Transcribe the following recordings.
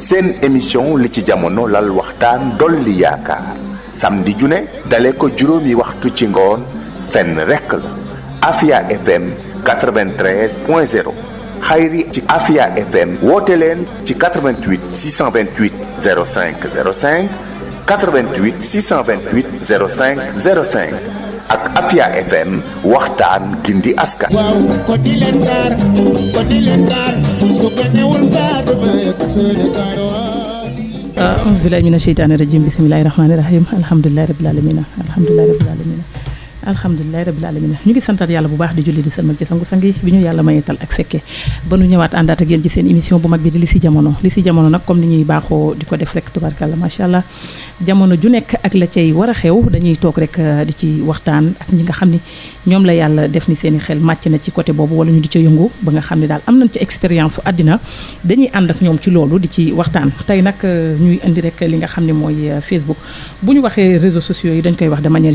seen émission li ci jamono lal waxtaan dolli yaakaar samedi ju dale ko juróomi waxtu ci ngoon fenn rekk la Afia FM 93 point xayri ci Afia FM woote leen ci 88 628 05 05 88 628 05 05 ak Afia FM waxtaan gindi askan. waaw ko di leen gaar ko di leen gaar su ko newul gaar dama yegg sooy gaar waaw. auzu ah, rajiim bismillaahi rahmaani rahiim alhamdulillaahi rabbil alhamdulilahi rabil alamina ñu ngi santaat yàlla bu baax di julli di sëlmal ci sangu sang yi bi ñu yàlla mayeetal ak fekke ba nu ñëwaat àndaat ak yéen ci seen émission bu mag bi di li si jamono li si jamono nag ko def rek tubarkàlla jamono ju nekk ak la cay a xew dañuy toog rek euh, di ci waxtaan ñi nga xam ni ñoom la yàlla def ni seen i xel màcc na ci côté boobu wala ñu di ca yëngu ba nga xam ne daal am nañ ci expérience su àddina dañuy ànd ak ñoom ci loolu di ci waxtaan tey nag euh, ñuy indi rek li nga xam ne mooy euh, Facebook bu ñu waxee réseaux sociaux yi dañ koy wax de manière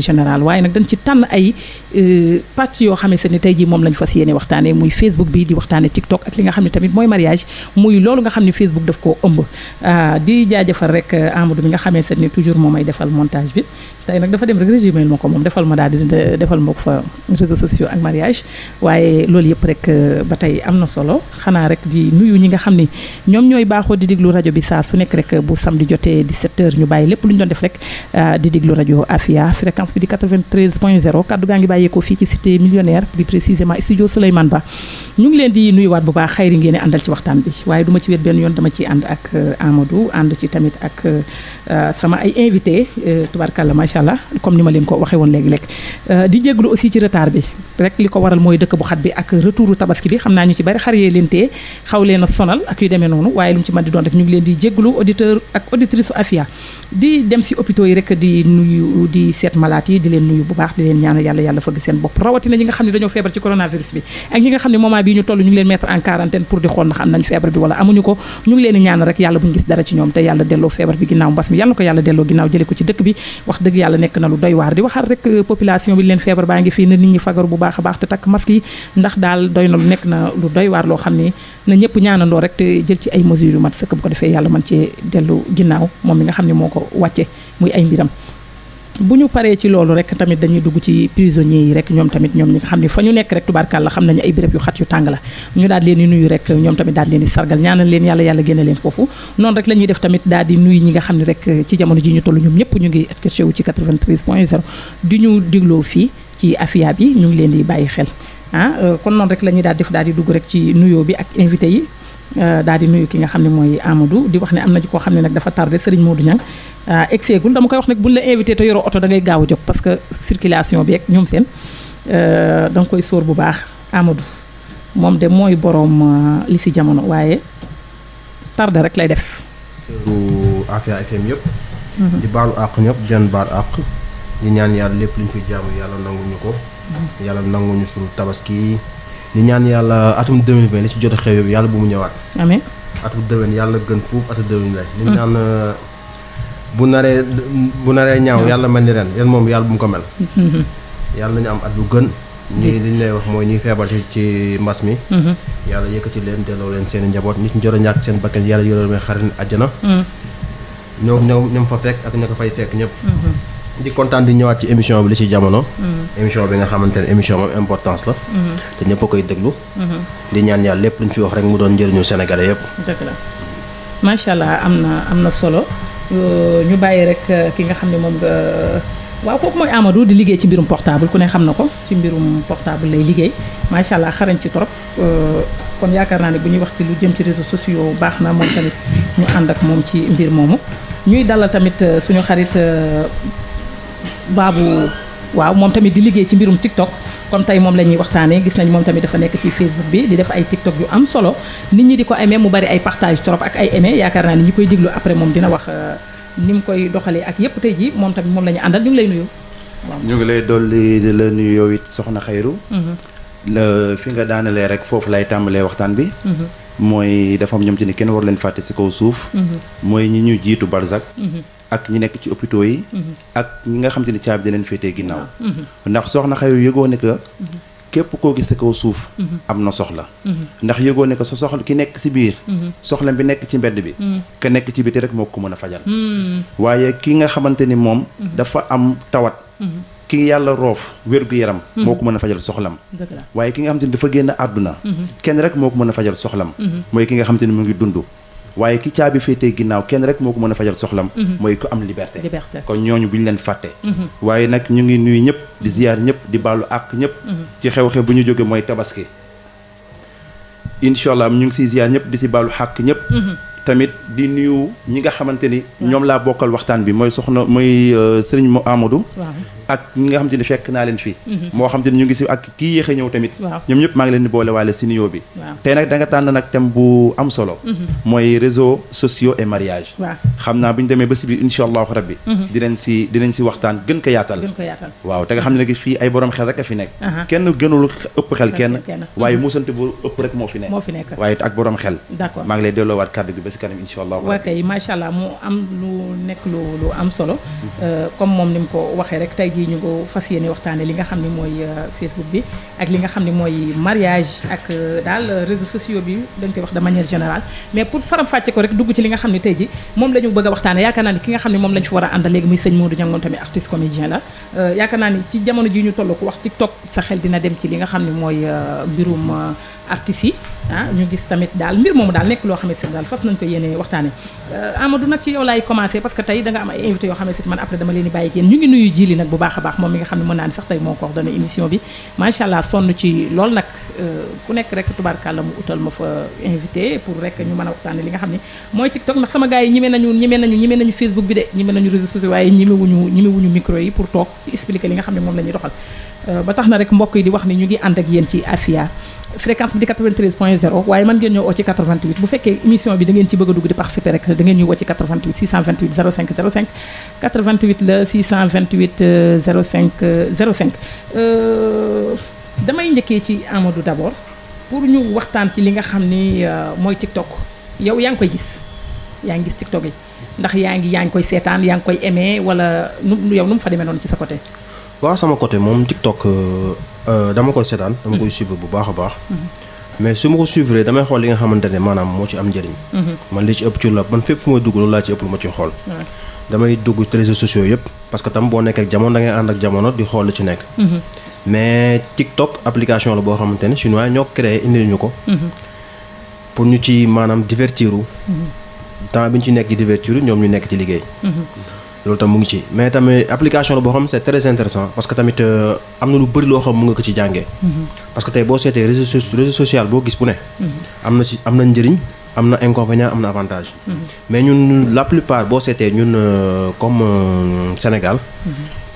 na ay euh, pàcc yoo xamante ne tey jii moom lañ fas yéene waxtaanee muy Facebook bi di waxtaanee TikTok ak li nga xam ne tamit mooy mariage muy loolu nga xam ne Facebook daf koo ëmb ah, di jaajëfal rek euh, Amadou bi nga xamante ne toujours moom ay defal montage bi tey nag dafa dem rek résumé ma ko moom defal ma daal defal ma fa réseaux sociaux ak mariage waaye loolu yëpp rek euh, ba tey am na solo xanaa rek di nuyu ñi nga xam ni ñoom ñooy baaxoo di diglu rajo bi saa su nekk rek bu samedi jotee di h ñu bàyyi lépp lu doon def rek ah, di diglu rajo Afia fréquence bi di 93 point zéro kaddu gaa ngi bàyyeekoo fii ci cité millionnaire plus précisément studio Souleymane Ba ñu ngi leen di nuyuwaat bu baax xayri ngeen àndal ci waxtaan bi waaye duma ci wet benn yoon dama ciy ànd ak euh, Amadou ànd ci tamit ak euh, euh, sama ay invité tubarkalla macha allah comme ni ma leen ko waxee woon léegi-léeg di jégalu aussi ci retard bi li ko waral mooy dëkk bu xat bi ak retouru tabaski bi xam naa ñu ci bari xar yee leen tee leen a ak yu demee noonu waaye lu ci mën di doon rek ñu ngi leen di jégalu auditeur ak auditrice su Afia di dem si hôpitaux yi rek di nuyu di seet malaat yi di leen nuyu bu baax leen ñaanal yàlla yàlla fëgg seen bopp rawatina ñi nga xam ne dañoo feebar ci coronavirus bi ak ñi nga xam ne moment bii ñu toll ñu leen mettre en quarantaine pour di xool ndax am nañ feebar bi wala amuñu ko ñu leen ñaan rek yàlla buñu gis dara ci ñoom te yàlla delloo feebar bi ginnaaw mbas mi yàlla ko yàlla delloo ginnaaw euh, baa ngi fii na a baax te takk na lu nekk loo xam ne na ñëpp ñaanandoo rek jël ci ay mesures yu mat sëkk ko defee yàlla mën cee dellu ginnaaw moom mi nga xam ne moo ko wàcce muy ay mbiram bu ñu paree ci loolu rek tamit dañuy dugg ci prisonniers yi rek ñoom tamit ñoom ñi nga xam ni fa ñu nekk rek la xam nañu ay béréb yu xat yu tàng la ñu daal leen di nuyu rek ñoom tamit daal leen di sargal ñaanal leen yàlla yàlla génne leen foofu noonu rek la ñuy def daal di nga xam ne rek jamono ji ñu toll ñoom ñëpp ñu ngi atkché wu ci 93 point 0 di ñu digloo fii ci afia bi ñu ngi leen di bàyyi xel ah euh, kon noonu rek la ñuy daal def daal di dugg rek ci nuyoo bi ak invité yi euh, daal di nuyu ki nga xam ne mooy Amadou di wax ne am na ji koo xam ne nag dafa tardé Serigne du Niang ah euh, egg seegul dama koy wax nag buñ la invité te yoroo oto da ngay gaaw a jóg parce que circulation bi ak ñoom seen euh, da nga koy sóor bu baax Amadou moom de mooy boroom euh, li si jamono waaye tarde rek lay def. Afia FM yëpp. Mhm. di baalu àq ñëpp di leen baal àq di ñaan yàlla lépp luñ fi jaamu yàlla nanguñu ko. Mhm. yàlla nanguñu suñu tabaski di ñaan yàlla atum 2020 li ci jot a xew yëpp yàlla bu mu ñëwaat. amiin atum déwén yàlla gën fuuf atum déwén lay. li bu naree bu naree ñaaw yàlla mel ni ren ren moom yàlla bu mu ko mel. Mm-hmm. yàlla nañu am at bu gën. ñii mm-hmm. li ñu lay wax mooy ñuy feebar ci ci mbas mi. Mm-hmm. yàlla yëkkati leen delloo leen seen i njaboot ñi ci jot a ñàkk seen bakkan yàlla yore leen xarit àjjana. ñoo ñoo ñoom fa fekk ak ña ko fay fekk ñëpp. di kontaan di ñëwaat ci émission bi li ci jamono. émission bi nga xamante ne émission moom importance la. te ñëpp a koy déglu. di ñaan yàlla lépp lu ñu fi wax rek mu doon Euh, ñu bàyyi rek euh, ki nga xam ne moom nga euh, waaw kooku mooy Amadou di liggéey ci mbirum portable ku ne xam na ko ci mbirum portable lay liggéey macha allah xarañ ci trop kon yaakaar naa ne bu ñuy wax ci lu jëm ci réseaux sociaux baax na moom tamit ñu ànd ak moom ci mbir moomu. ñuy dalal tamit suñu xarit Babou waaw moom tamit di liggéey ci mbirum TikTok. kon tay moom la ñuy waxtaanee gis nañ moom tamit dafa nekk ci Facebook bi di def ay TikTok yu am solo nit ñi di ko aimé mu bari ay partage trop ak ay aimé yaakaar naa ni ñi koy déglu après moom dina wax euh, ni mu koy doxalee ak yépp tey ji moom tamit moom la ñu àndal ñu ngi lay nuyu. ñu ngi lay dolli la nuyu yow soxna Xayru. Mm-hmm. fi nga daanalee rek foofu lay tàmbalee waxtaan bi. Mm-hmm. mooy dafa am ñoom ci ne kenn war leen fàtte si kaw suuf. Mm-hmm. mooy ñi ñu jiitu Barzak. ak ñi nekk ci hôpitaux yi. Mhm. ak ñi nga xam ni caabi dina leen féetee ginnaaw. Mhm. Mhm. ndax soxna xayu yëgoo ne que. képp koo gis sa suuf. am na soxla. ndax yëgoo ne que sa soxla ki nekk si biir. soxla bi nekk ci mbedd bi. ka nekk ci biti rek moo ko mën a fajal. waaye ki nga xamante ni moom. dafa am tawat. ki yàlla roof wérgu yaram moo ko mën a fajal soxlam waaye ki nga xamante ni dafa génn àdduna kenn rek moo ko mën a fajal soxlam mooy ki nga xamante ni mu ngi waaye ki caabi féetee ginnaaw kenn rek moo ko mën a fajal soxlam mhm. mooy ko am liberté ko ñooñu bu ñu leen fàtte mhm. waaye nag ñu ngi nuyu ñëpp di mhm. ziyaar ñëpp di baalu àq ñëpp xew-xew bu ñu jóge mooy tabaski incha allah ñu ngi siy ñëpp di si baalu àq ñëpp tamit di nuyu ñi nga xamante ni ñoom laa bokkal waxtaan bi mooy soxna mooy euh, sëriñ amadu ak ñi nga xam te ni fekk naa leen fii mhm. moo xam te ni ñu ngi si ak kii yéex a ñëw tamit ñoom ñëpp maa ngi leen boole waale si nuyoo bi tey nag da nga tànn nag thème bu am solo mhm. mooy réseaux sociaux et mariage xam naa bu ñu demee ba si biir incha allahu rabbi mhm. dinañ si dinañ si waxtaan gën ko yaatal waaw te nga xam ne nag fii ay borom xel rek a fi nekk kenn gënul ëpp xel kenn waaye muusante bu ëpp rek moo fi nekk waaye ak borom xel maa ngi lay delloowaat kàddu gi bii ñu ko fas yéene waxtaane li nga xam ne mooy euh, Facebook bi ak li nga xam ne mooy mariage ak euh, daal euh, réseaux sociaux bi dañ koy wax de manière générale mais pour faram-fàcce ko rek dugg ci li nga xam ne tey moom la bëgg a waxtaane yaakaar naa ni ki nga xam ne moom lañ fi war a ànda léegi muy sëñ Modou Niangoon tamit artiste comédien la yaakaar naa ni ci jamono ji ñu toll ko wax TikTok sa xel dina dem ci li nga xam ne mooy mbirum artistes yi ah, ñu gis baax a baax moom mi nga xam ne mën naa ni sax tey moo coordonné émission bi macha allah sonn ci loolu nag euh, fu nekk rek tubaarkàlla mu utal ma fa invité pour rek ñu mën a waxtaane li nga xam ne mooy TikTok ndax sama gars yi ñime nañu ñime nañu ñime nañu Facebook bi de ñime nañu réseaux sociaux waaye ñimewuñu ñimewuñu micro yi pour toog expliquer li nga xam ne moom la ñuy doxal euh, ba tax na rek mbokk yi di wax ni ñu ngi ànd ak yéen ci Afia fréquence bi di 93 point 0 waaye mën ngeen ñëw oo ci 88 bu fekkee émission bi da ngeen ci bëgg a dugg di participer rek da ngeen ñu ci 88 628 05 la euh, euh, euh, damay njëkkee ci Amadou d'abord pour ñu waxtaan ci li nga xam ni mooy TikTok yow yaa ngi koy gis yaa ngi gis TikTok yi ndax yaa ngi yaa ngi koy seetaan yaa ngi koy aimé wala nu yow nu mu fa deme noonu ci sa côté. waaw sama côté moom TikTok. Euh, dama koy seetaan dama koy suivre bu baax a baax mais su ma ko suivre damay xool li nga xamante ne maanaam moo ci am njëriñ man li ci ëpp ci la man fépp fu may dugg loolu laa ci ëpp lu ma ciy xool damay dugg réseaux sociaux yëpp parce que tam boo nekk ak jamono da ngay ànd ak jamono di xool ci nekk mais TikTok application la boo xamante ne chinois ñoo créé indil ñu ko pour ñu ci maanaam divertiru temps bi ñu ci nekk ci divertiru ñoom ñu nekk ci liggéey loolu tam mu ngi ci mais tamit application la boo xam c'est très intéressant parce que tamit euh, am na lu bëri loo xam mu nga ko ci jàngee. Mm-hmm. parce que tey boo seetee réseau réseau boo gis bu ne. Mm-hmm. am na ci am na njëriñ am na inconvénient am na avantage. Mm-hmm. mais ñun la plupart boo seetee ñun euh, comme euh, Sénégal.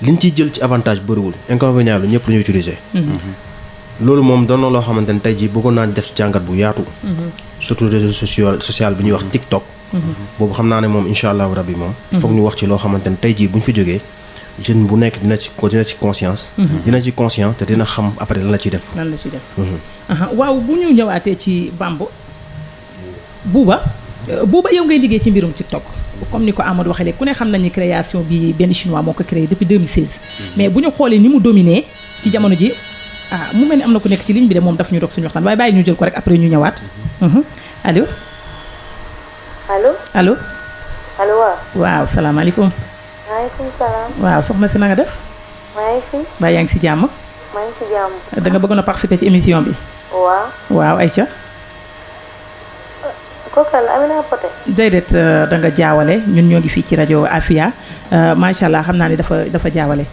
liñ ciy jël ci avantage bëriwul inconvénient lu ñëpp lu ñuy utiliser. loolu moom doon na loo xamante ne tey jii bëggoon naa def jàngat bu yaatu. Mhm. surtout réseau social bi ñuy wax TikTok. Mhm. boobu xam naa ne moom incha allahu rabi moom. Mhm. foog ñu wax ci loo xamante ne tey jii bu ñu fi jógee. jeune bu nekk dina ci dina ci conscience. dina ci conscient te dina xam après lan la ciy def. lan la ciy def. waaw bu ñu ñëwaatee ci Bambo. Bouba euh, Bouba yow ngay liggéey ci mbirum TikTok. comme ni ko Amadou waxee léegi ku ne xam nañu création bi benn chinois moo ko créé depuis 2016. mais bu ñu xoolee ni mu dominé ci jamono ji. ah mu mel ni am na ku nekk ci ligne bi de moom daf ñu dog suñu waxtaan waaye bàyyi ñu jël ko rek après ñu ñëwaat mhm. allo. allo allo. waaw. waaw salaamaaleykum. maaleykum salaam. waaw soxna si na def. maa yaa ngi si jàmm. danga ngi si bëggoon a ci émission bi. waaw. waaw Aïcha. kooku àll Amina euh, da nga jaawale ñun ñoo ngi fii ci rajo Afia euh, macha allah xam naa ni dafa dafa jaawale.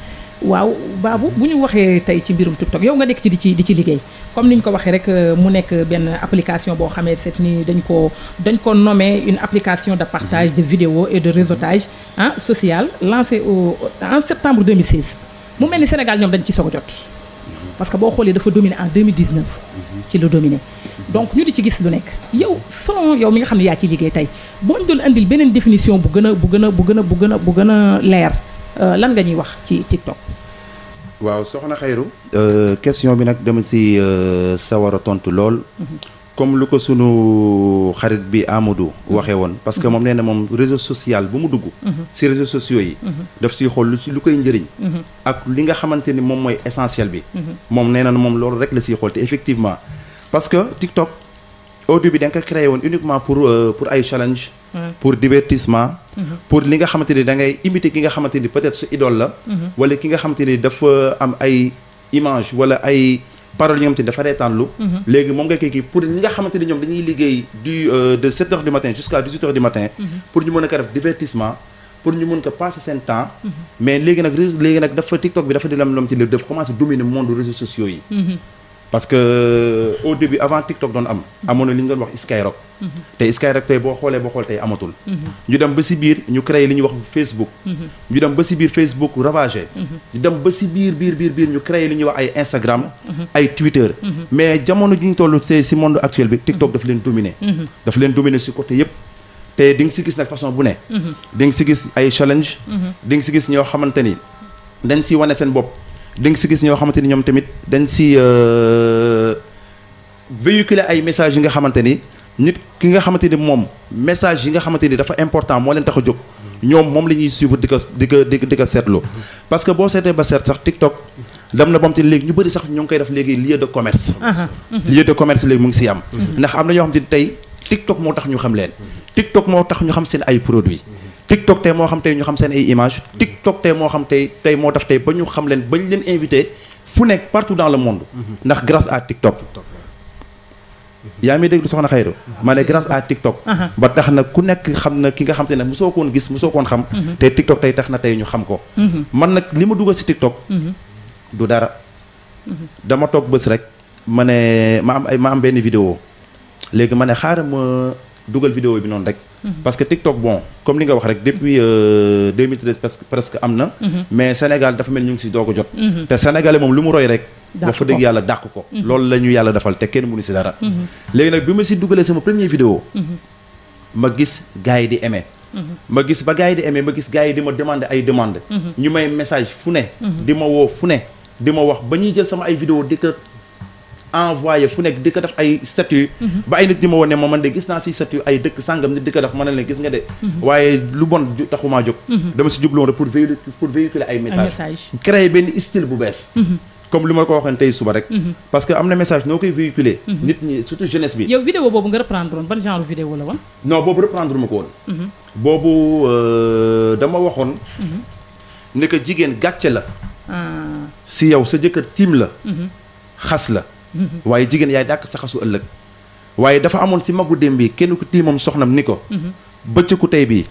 waaw baabu bu ñu waxee tey ci mbirum TikTok yow nga nekk ci di ci di ci liggéey comme ni ñu ko waxee rek euh, mu nekk benn application boo xamee set ni dañ ko dañ ko nommé une application de partage de video et de réseautage ah social lancée au en septembre 2016 mu mel ni Sénégal ñoom dañ ci soog a jot parce que boo xoolee dafa dominé en 2019 ci la dominé donc ñu di ci gis lu nekk yow soo yow mi nga xam ne yaa ci liggéey tey boo ñu indil beneen définition bu gën a bu gën a bu gën a bu gën a bu gën a leer Euh, lan nga ñuy wax ci TikTok. waaw soxna Xayru euh, question bi nag dema si euh, sawar a tontu lool. Mhm. comme lu ko sunu xarit bi Amadou mhm. waxee woon parce que mhm. moom nee na moom réseau social bu mu dugg si réseaux sociaux yi daf siy xool lu si lu koy njëriñ ak li nga xamante ni moom mooy essentiel bi moom nee na moom loolu rek la si xool te effectivement parce que TikTok au début da nga ko créé woon uniquement pour euh, pour ay challenge pour divertissement mhm. pour li nga xamante ni da ngay imiter ki nga xamante ni peut-être sa idole la mhm. wala ki nga xamante ni dafa am ay image wala ay paroles yi nga xamante ni dafa reetaanlu mhm. léegi moom nga koy kii pour ñi nga xamante ni ñoom dañuy liggéey du euh, de du matin jusqu'à dix-huit heures du matin pour ñu mën a ko def divertissement pour ñu mën ko passer seen temps mais léegi nag parce que euh, au début avant TikTok doon am. amoon na li ñu doon wax Skyrock. te Skyrock tey boo xoolee boo xool tey amatul. ñu dem ba si biir ñu créé li ñuy wax Facebook. ñu ñu dem ba si biir biir biir biir ñu créé li ñuy wax ay Instagram. ay Twitter. mais jamono ji ñu toll see si monde actuel bi TikTok daf leen dominé. daf leen dominé si côté yëpp. te di si gis nag façon bu ne. di nga si gis ay challenge. di si gis ñoo xamante ni dañ si wane seen bopp. da nga si gis ñoo xamante ni ñoom tamit dañ si euh, véhiculer ay message yi nga xamante ni nit ki nga xamante ni moom message yi nga xamante ni dafa important moo leen tax a jóg ñoom moom la ñuy suivre di ko di ko di ko seetlu parce que boo seetee ba seet sax TikTok dem na bam te léegi ñu bëri sax ñoo ngi koy def léegi lieu de commerce lieu de commerce léegi mu ngi si am ndax am na ñoo xamante ni tey TikTok moo tax ñu xam leen TikTok moo tax ñu xam seen ay produits TikTok tey moo xam tey ñu xam seen ay image mm-hmm. TikTok tey moo xam tey tey moo def tey ba ñu xam leen bañ leen invité fu nekk partout dans le monde. Mm-hmm. ndax grâce à TikTok. Mm-hmm. yaa ngi déglu soxna Khayro ma ne grâce à TikTok. Uh-huh. ba tax na ku nekk xam na ki nga xam te ne mosoo koon gis mosoo koon xam. te TikTok tey tax na tey ñu xam ko. man nag li ma dugal si TikTok. du dara. dama toog bés rek ma ne ma am ma am benn vidéo léegi ma ne xaaral ma dugal vidéo bi noonu rek. parce que TikTok bon comme li nga wax rek depuis euh, presque am na. Mhm. mais Sénégal dafa mel ñu ngi si doog a jot. Mhm. te sénégalais moom lu mu roy rek. dàq ko dëgg yàlla dàq ko. Mhm. loolu la ñu yàlla defal te kenn mënu si dara. léegi nag bi ma si dugalee sama première vidéo. ma gis gars yi di aimé. ma gis ba gars yi di aimé ma gis gars yi di ma demandé ay demande ñu may message fu ne. di ma woo fu ne. di ma wax ba ñuy jël sama ay vidéo di envoyé fu nekk di ko def ay statut mhm. ba ay nit di ma woon ne ma man de gis naa si statut ay dëkk sàngam nit di ko def ma leen gis nga de mhm. waaye lu bon taxumaa jóg mhm. dama si jubloon rek pour véhiculer pour véhiculer ay message bu bees comme li ma ko waxoon tey suba rek parce que am na message noo koy véhiculer nit ñi surtout jeunesse bi yow vidéo boobu nga reprendre woon ban genre vidéo la woon non boobu reprendre ma ko woon boobu euh, dama waxoon ne que jigéen gàcce la ah. si yow sa jëkkër tiim la xas la waaye jigéen yaay dàq saxasu ëllëg waaye dafa amoon si magu démb bi kenn ku tiimam soxnam ni ko mhm. bëccëgu tey bii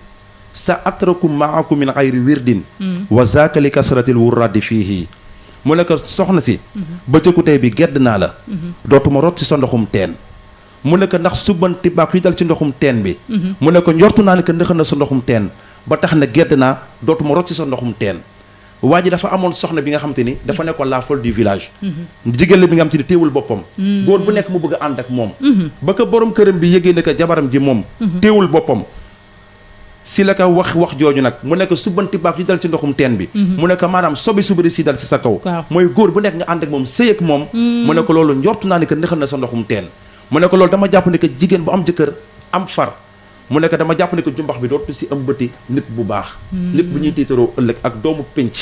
sa atraku maaku min xayri wirdin mhm. wa zaaka li kasratil wurraadi fiihi mu ne soxna si mhm. bëccëgu tey bi gedd naa la dootuma rot si sa ndoxum teen mu nekk ndax subanti baak yi dal ci ndoxum teen bi mu ne ko njortu naa ne que ndëxan na sa ndoxum teen ba tax na gedd naa dootuma rot si sa ndoxum teen waa ji dafa amoon soxna bi nga xam te ni dafa mm-hmm. nekkoon la folle du village mm-hmm. jigéen la bi nga xam te ni téewul boppam mm-hmm. góor bu nekk mu bëgg a ànd ak moom ba ko borom këram bi yëgee ne ko jabaram ji moom téewul boppam si la ko wax wax jooju nag mu nekk subanti baak yi dal ci ndoxum teen bi mu nekk maanaam sobi subari si dal si sa kaw mooy góor bu nekk nga ànd ak moom sëy ak moom mu nekk loolu njort naa ne que nëxal na sa ndoxum teen mu nekk loolu dama jàpp ne que jigéen bu am jëkkër am far mu nekk dama jàpp ne jumbax bi dootu si ëmbati nit bu baax. Hmm. nit bu ñuy tiitaroo ëllëg ak doomu pénc.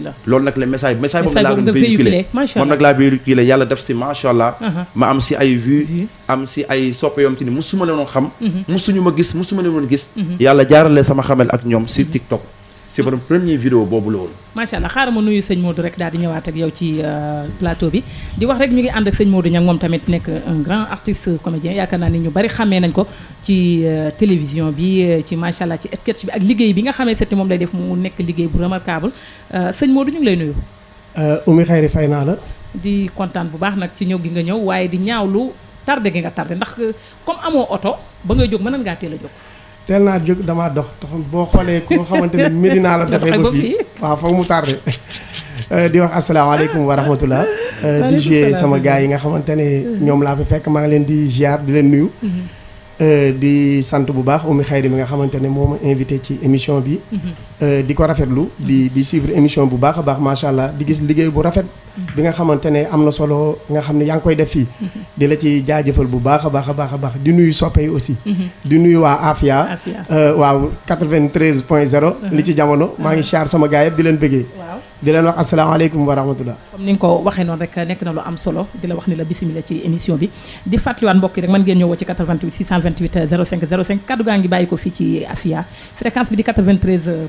la loolu nag le message message boobu laa doon véhiculé moom nag laa véhiculé yàlla def si macha allah. Uh-huh. ma am si ay vues. am si ay soppe yoom ci ni musuma leen woon xam. Mm-hmm. musuñu ma gis musuma leen woon gis. Mm-hmm. yàlla jaarale sama xamal ak ñoom si TikTok. c'est mon premier vidéo boobu la woon. macha allah xaaral ma nuyu sëñ Modou rek daal di ñëwaat ak yow ci euh, plateau bi di wax rek ñu ngi ànd ak sëñ Modou Niang moom tamit nekk un grand artiste yaakaar naa ni ñu bari xamee nañ ko ci euh, télévision bi euh, ci macha allah ci sketch bi ak liggéey bi nga xamee setti moom lay def mu nekk liggéey bu remarquable sëñ Modou ñu ngi lay nuyu. Oumy Khayri fay naa la. di kontaan bu baax nag ci ñëw gi nga ñëw waaye di ñaaw lu tardé gi nga tardé ndax comme amoo oto ba ngay jóg mënoon ngaa teel a jóg. teel naa jóg damaa dox taxam boo xoolee nga xamante ne Medina la doxee ba fii waaw foog mu tardé euh, di wax asalaamaaleykum wa rahmatullah euh, di joué sama gars yi nga xamante ne ñoom laa fi fekk maa ngi leen di ziar di leen nuyu mm-hmm. Euh, di sant bu baax Oumy Khayri mi nga xamante ne moo ma invité ci émission bi. Mhm. Euh, di ko rafetlu mhm. di di suivre émission bu baax a baax macha allah di gis liggéey bu rafet. Mhm. bi nga xamante ne am na solo nga xam ne yaa ngi koy def fii. di la ci jaajëfal bu baax a baax a baax a baax di nuyu soppe yi aussi. di nuyu waa Afia. Euh, waaw 93 point 0. li ci jamono maa ngi siyaar sama gaay yëpp di leen bëggee. di leen wax asalaamaaleykum wa rahmatullah comme ni nga ko waxee noonu rek nekk na lu am solo di la wax ni la bisimila ci émission bi di fàttaliwaat mbokk rek mën ngeen ñëw woo ci 88 gaa ngi bàyyi ko fii ci Afia fréquence bi di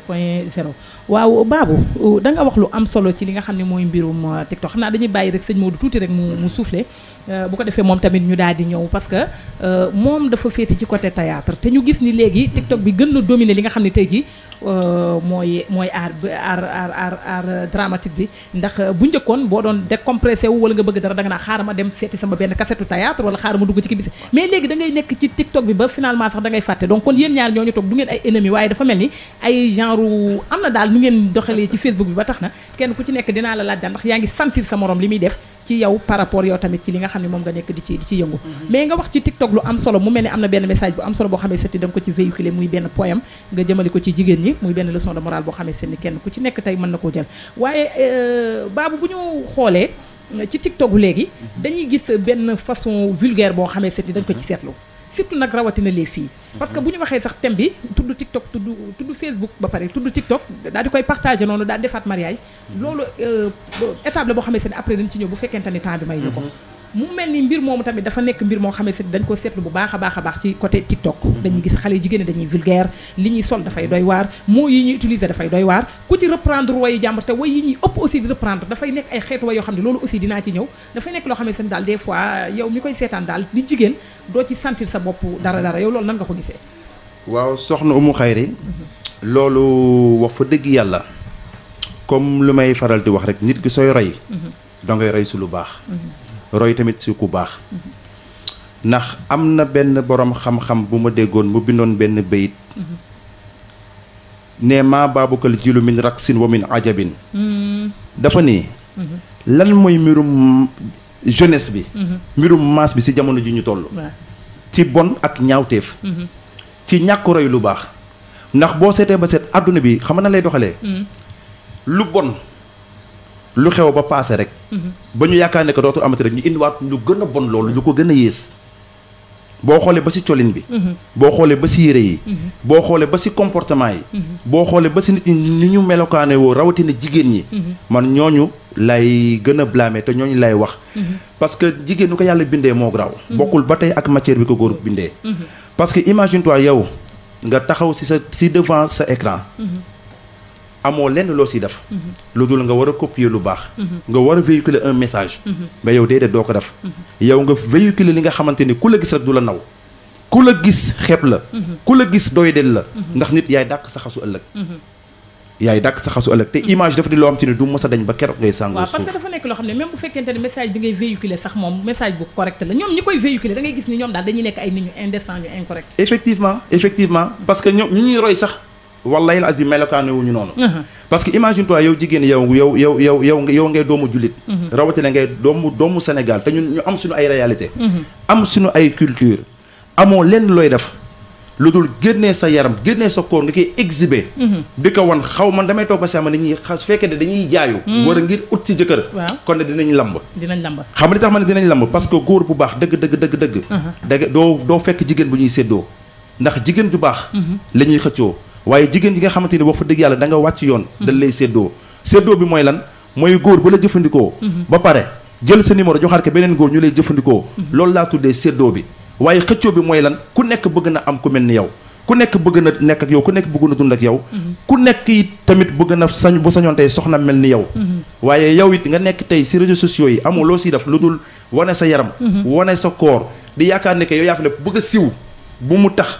point 0 waaw Babou da nga wax lu am solo ci li nga xam ne mooy mbirum euh, TikTok xam naa dañuy bàyyi rek sëñ Modou tuuti rek mu mu soufflé euh, bu ko defee moom tamit ñu daal di ñëw parce que euh, moom dafa féete ci côté théâtre te ñu gis ni léegi TikTok bi gën na dominé li nga xam ne tey ji mooy mooy aar aar aar aar dramatique bi ndax euh, bu njëkkoon boo doon décompressé wu wala nga bëgg dara da nga naa xaaral ma dem seeti sama benn kasetu théâtre wala xaaral ma dugg ci ki bisi mais léegi da ngay nekk ci TikTok bi ba finalement sax da fàtte donc kon yéen ñaar ñooñu toog du ngeen ay ennemi waaye dafa mel ni ay genre am na daal nu ngeen doxalee ci Facebook bi ba tax na kenn ku ci nekk dinaa la laaj daal ndax yaa ngi sentir sa morom li muy def ci yow par rapport yow tamit ci li nga xam ne moom nga nekk di ci di ci yëngu mm-hmm. mais nga wax ci TikTok lu am solo mu mel ne am na benn message bu am solo boo xamee setti da nga ko ci véhiculer muy benn poème nga jëmale ko ci jigéen ñi muy benn leçon de morale boo xamee seeni kenn ku ci nekk tey mën na koo jël waaye euh, baabu bu ñu xoolee ci TikTok léegi mm-hmm. dañuy gis benn façon vulgaire boo xamee seeti dañ ko ci mm-hmm. seetlu surtout nag rawatina les fii mhm. parce que bu ñu waxee sax thème bi tudd TikTok tudd tudd Facebook ba pare tudd TikTok daal di koy partagé noonu daal defaat mariage mhm. loolu euh, étape boo xamante ne après dañ ci ñëw bu fekkente ni temps bi may ñu ko mhm. mu mel ni mbir moom tamit dafa nekk mbir moo xamante ne dañ ko seetlu bu baax a baax a baax ci côté TikTok mm-hmm. dañuy gis xale jigéen ñi dañuy vulgaire li ñuy sol dafay doy waar mots yi ñuy utiliser dafay doy waar ku ci reprendre wayu jàmbur te way yi ñuy ëpp aussi di reprendre dafay nekk ay xeetu way yoo xam ne loolu aussi dinaa ci ñëw dafay nekk loo xamante ne daal des fois yow mi koy seetaan daal di jigéen doo ci sentir sa bopp dara dara yow loolu nan nga ko gisee waaw soxna Umu Xayri mm-hmm. loolu wax fa dëgg yàlla comme lu may faral di wax rek nit ki sooy roy mm-hmm. dangay roy roy tamit si ku baax ndax am na benn boroom xam-xam bu ma déggoon mu bindoon benn béyit ne maa baabukal jilu min raksin wa min ajabin mm-hmm. dafa nii mm-hmm. lan mooy mbirum jeunesse bi mm-hmm. mbirum maas bi ci jamono ji ñu toll ci bon ak ñaawteef ci ñàkk roy lu baax ndax boo seetee ba seet àdduna bi xam na lay doxalee lu bon lu xew ba passé rek. Mhm. ba ñu yaakaar ne que dootul amati rek ñu indiwaat lu gën a bon loolu lu ko gën a yées. boo xoolee ba ci colin bi. Mhm. boo xoolee ba ci yére yi. Mhm. boo xoolee ba ci comportement yi. boo xoolee ba ci nit ñi ni ñu melokaane woo rawatina jigéen ñi. man ñoo ñu lay gën a blâmer te ñooñu lay wax. parce que jigéen ko yàlla bindee moo graw bokkul ba tey ak matière bi ko góor bindee. parce que imagine toi yow nga taxaw ci sa ci devant sa écran. amoo lenn loo siy def. Mhm. lu dul nga war a copier lu baax. Mhm. nga war a véhiculer un message. Mhm. mais yow déedéet doo ko def. yow nga véhiculer li nga xamante ni ku la gis rek du la naw. ku la gis xeeb la. ku la gis doy del la. ndax nit yaay dàq sa xasu ëllëg. yaay dàq sa xasu ëllëg te image dafa di loo xam te du mës a dañ ba keroog ngay sàngoo suuf waaw parce que dafa nekk loo xam ne même bu fekkente ne message bi ngay véhiculer sax moom message bu correct la wallahi azim melokaane wuñu noonu parce que imagine toi yow jigéen yow yow yow yow yow yow ngay doomu jullit rawatina ngay doomu doomu Sénégal te ñun ñu am suñu ay réalité am suñu ay culture amoo lenn looy def lu dul génnee sa yaram génnee sa koor nga koy exhiber di ko wan xaw man damay toog ba na nit ñi su fekkee ne dañuy jaayu war a ngir ut si jëkkër kon ne dinañ lamb dinañ lamb xam nga li tax ma ne dinañ lamb parce que góor bu baax dëgg dëgg dëgg dëgg doo doo fekk jigéen bu ñuy séddoo ndax jigéen bu baax la ñuy xëccoo waaye jigéen ji nga xamante ni wax fa dëgg yàlla da nga wàcc yoon dañ lay séddoo séddoo bi mooy lan mooy góor ba la jëfandikoo mhm. ba pare jël sa numéro joxaat ko beneen góor ñu lay jëfandikoo mhm. loolu laa tuddee séddoo bi waaye xëccoo bi mooy lan ku nekk bëgg na am ku mel ni yow ku nekk bëgg na nekk ak yow ku nekk bëgg na dund ak yow mhm. ku nekk it tamit bëgg na sañ bu sañoon tey soxna mel ni yow waaye yow it nga nekk tey si réseaux sociaux yi amuloo loo siy def lu dul wane sa yaram wane sa koor di yaakaar ne que yow yaa fi ne bëgg a siw mu tax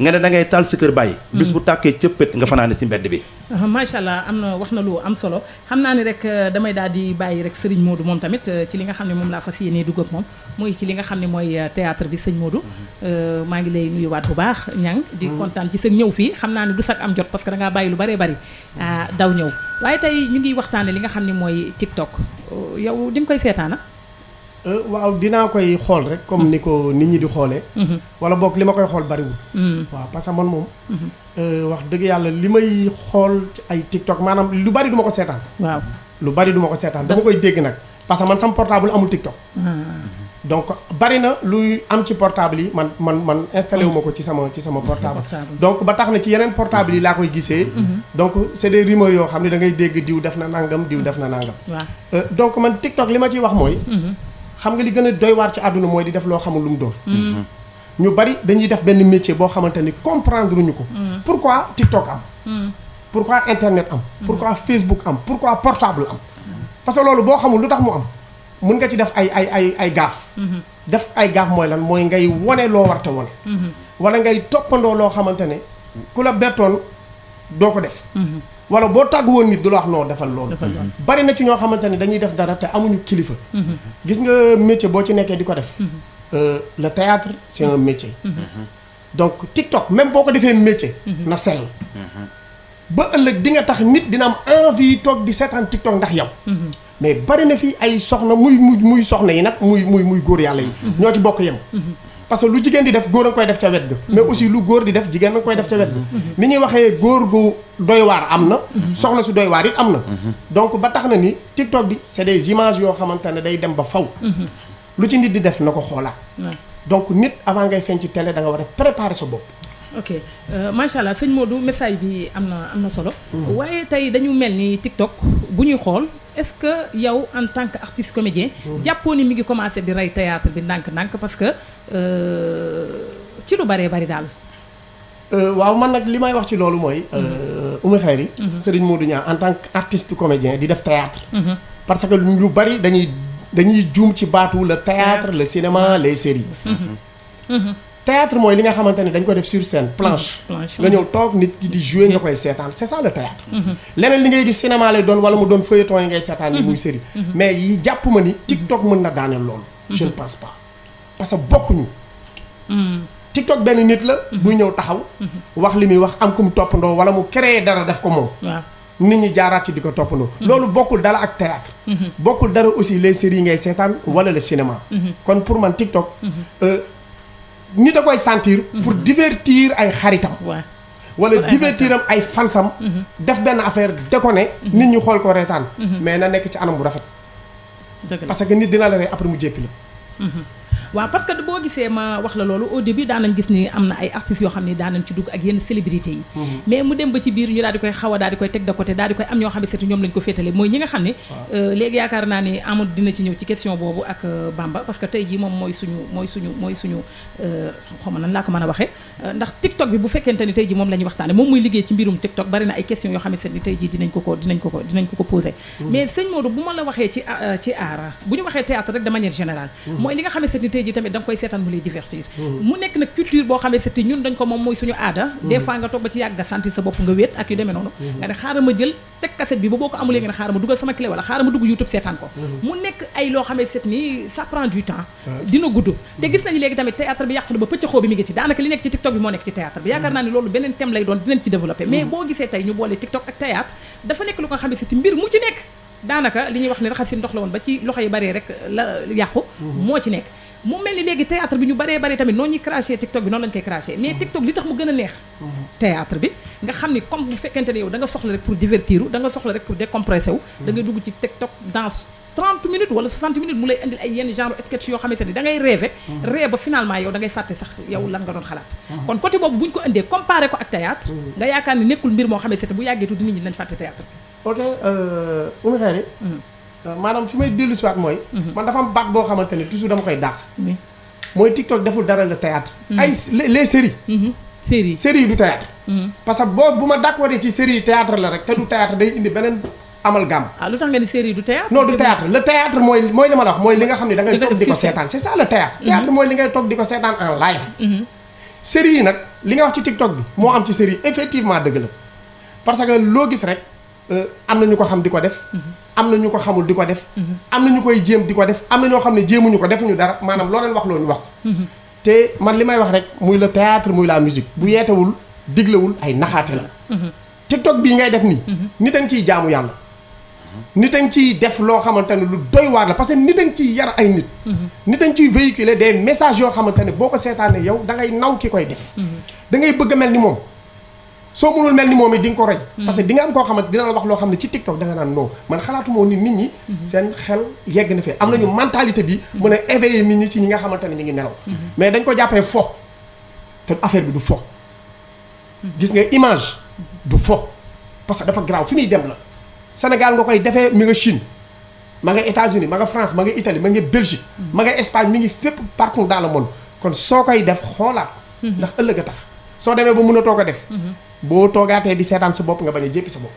nga ne da ngay taal sa kër bàyyi. Hmm. bis bu tàkkee cëppët nga fanaane si mbedd bi. Ah, macha allah am na wax na lu am solo xam naa ne rek euh, damay daal di bàyyi rek sëriñ Modou moom tamit euh, ci li nga xam ne moom laa fas yéenee dugg moom muy ci li nga xam ne mooy euh, théâtre bi sëñ Modou. Hmm. maa ngi lay nuyuwaat bu baax ñang di hmm. kontaan ci sa ñëw fii xam naa ne du sax am jot parce que da ngaa bàyyi lu bëree bëri ah, daw ñëw waaye tey ñu ngi waxtaanee li nga xam ne mooy TikTok yow di nga koy seetaana Euh, waaw dinaa koy xool rek comme ni ko nit ñi di xoolee. Mhm. wala boog li ma koy xool bariwul. Mhm. waaw parce que man moom. Mhm. Euh, wax dëgg yàlla li may xool ci ay TikTok maanaam lu bari duma ko seetaan. lu bari duma ma ko seetaan dama koy dégg nag parce que man sama portable amul TikTok. Ah. donc bari na luy am ci portable yi man man man installé wu ma ko ci sama ci sama portable. donc ba tax na ci yeneen portable yi laa koy gisee. donc c'est des rumeurs yoo xam ne dangay ngay dégg diw def na nangam diw def na nangam. Euh, donc man TikTok li ma ciy wax mooy. xam nga li gën a doy waar ci àdduna mooy di def loo xamul lu mu doon. Mm-hmm. ñu bari dañuy def benn métier boo xamante ni comprendre ñu ko. pour mm-hmm. pourquoi TikTok am. pour mm-hmm. pourquoi internet am. pour pourquoi Facebook am pourquoi portable am. parce que loolu boo xamul lu tax mu am mun nga ci def ay ay ay ay gaaf. def ay gaaf mooy lan mooy ngay wone loo warte wone wala ngay toppandoo loo xamante ne ku la bettoon doo ko def. wala boo tàgg woon nit du la wax non defal loolu mm-hmm. bari na ci ñoo xamante ne dañuy def dara te amuñu kilifa mm-hmm. gis nga métier boo ci nekkee di ko def mm-hmm. euh, la théâtre c'est un métier donc TikTok même boo ko defee métier na sell ba ëllëg di nga tax nit dina am envie toog di seetaan TikTok ndax yow mais bari na fi ay soxna muy muy muy soxna yi nag muy muy muy góor yàlla yi ñoo ci bokk yem parce que lu jigéen di def góor a nga koy def ca wet ga mais aussi lu góor di def jigéen a koy def ca wet ñuy waxee góor gu doy waar am na soxna su doy waar am na donc ba tax na ni TikTok bi c'est des images yoo xamante ne day dem ba faw lu ci nit di def na ko xoolaat donc nit avant ngay feeñ ci télé da nga war a sa bopp ok euh, macha allah sëñ Modou message bi am na am na solo mm-hmm. waaye tey dañu mel ni TikTok bu ñuy xool est-ce que yow en tant que artiste comédien jàppoo ni mi ngi commencé di rey théâtre bi ndànk-ndànk parce que euh, ci lu bëree bëri daal euh, waaw man nag li may wax ci loolu mooy euh, mhm. Oumou Khayri mhm. Serigne Modou Niang en tant que artiste comédien di def théâtre mhm. parce que lu bari dañuy dañuy juum ci baatu la théâtre la cinéma les séries théâtre mooy li nga xamante ne dañ ko def sur scène planche mm-hmm. nga ñëw toog nit di jouer nga mm-hmm. koy seetaan c'est ça le théâtre mm-hmm. leneen li ngay gis cinéma lay doon wala mu doon feuilleton yi ngay seetaan ni muy série mais yi jàpp ma ni TikTok mën na daaneel loolu je ne pense pas parce que bokkuñu TikTok benn nit la buy ñëw taxaw wax li muy wax am ku mu toppandoo wala mu créer dara def ko moom nit ñi jaaraat ci di ko toppandoo loolu bokkul dara ak théâtre bokkul dara aussi les séries yi ngay seetaan wala le cinéma ñu da koy sentir. pour mhm. divertir ay xaritam. wala divertir am ay fansam. Mhm. def benn affaire ne mhm. nit ñu xool ko reetaan. mais na nekk ci anam bu rafet. parce que nit dina la rey après mu jéppi la. waaw parce que boo gisee ma wax la loolu au début daanañ gis ni am na ay artistes yoo xam ne daanañ ci dugg ak yenn célébrité yi mhm. mais mu dem ba ci biir ñu daal a daal di koy teg de ne surtout euh, ko euh, tey jii moom mooy suñu mooy suñu mooy suñu euh, xawma nan laa ko mën a waxee ndax TikTok ni tey jii moom la ñuy moom muy liggéey ci mbirum TikTok bari na ay questions yoo xamante ni tey jii dinañ ko ko dinañ ko ko dinañ ko ko posé mhm. mais bu ma la waxee ci ci bu ñu waxee théâtre rek de manière générale mhm. mooy li nga xamante ni tey ji tamit da mm-hmm. ko moom mooy suñu aada mm-hmm. des fois mm-hmm. ne xaaral ma jël teg cassette bi ba boo ko amulee nga ne xaaral ma dugal sama clé wala dina gudd te gis nañu léegi tamit théâtre bi yàq na ba pëccëxoo bi mi ngi ci daanaka li nekk ci TikTok bi moo nekk ci théâtre bi yaakaar naa ni loolu beneen thème lay doon dinañ ci développer mais boo gisee tey ñu boole TikTok ak théâtre dafa nekk lu nga xam ne mbir mu ci nekk daanaka li ñuy wax ne raxas ndox la woon ba ci loxo yi baree rek la yàqu moo ci nekk mu mel ni léegi théâtre bi ñu baree bari tamit noonu ñuy craché TikTok bi noonu lañ koy craché mais mmh. TikTok li tax mu gën a neex mmh. théâtre bi nga xam ni comme bu fekkente ne yow da nga soxla rek pour divertir wu nga soxla rek pour décompressé wu mmh. dugg ci TikTok danse 30 minutes wala 60 minutes mu lay indil ay yenn genre sketch yoo xamante ni da ngay rêvé rêve ba finalement yow da fàtte sax yow lan nga doon xalaat kon côté boobu bu ñu ko indee comparé ko ak théâtre nga yaakaar ni nekkul mbir moo ne bu maanaam su may dellu siwaat mooy. Mhm. man dafa am baat boo xamante ne toujours dama koy dàq. mooy TikTok deful dara la théâtre mhm. ay les séries. Mhm. séries séries du théâtre parce que boo bu ma d'accordee ci série théâtre la rek te du théâtre day indi beneen amalgame. ah lu tax nga ni série du théâtre. non du théâtre le théâtre mooy mooy li ma la wax mooy li nga xam ne da ngay toog di ko seetaan c'est ça le théâtre. théâtre mooy li ngay toog di ko seetaan en live. série yi nag li nga wax ci TikTok bi moo am ci série effectivement dëgg la parce que loo gis rek euh, am na ñu ko xam di ko def. am na ñu ko xamul di ko def am na ñu koy jéem di ko def am na ñoo xam ne jéemuñu ko defuñu dara maanaam loo leen wax loo ñu wax ko te man li may wax rek muy le théâtre muy la musique bu yeetewul diglewul ay naxaate la tiktok bii ngay def nii nit a ciy jaamu yàlla nit a ciy def loo xamante ne lu doy waar la parce que nit a ciy yar ay nit nit a ngi ciy véhiculer des messages yoo xamante ne boo ko seetaanee yow da ngay naw ki koy def da ngay bëgg a mel ni moom soo mënul mel ni moom it di nga ko roy hmm. parce que di am koo xamante dina la wax loo xam ne ci TikTok da naan non man xalaatu moo ni nit ñi hmm. seen xel yegg na fee am na ñu hmm. mentalité bi mën a éveiller nit ñi ci ñi nga xamante ne ñu ngi nelaw mais dañ ko jàppee fo te affaire bi du fo gis nga image du fo parce que dafa graaw fi muy dem la Sénégal nga koy defee mu nga Chine ma nga États-Unis ma nga France ma nga Italie ma nga Belgique ma nga Espagne mi ngi fépp partout dans le monde kon soo koy def xoolaat ndax ëllëg a tax soo demee ba mënatoo ko def boo toogaatee di seetaan sa bopp nga bañ a jéppi sa bopp.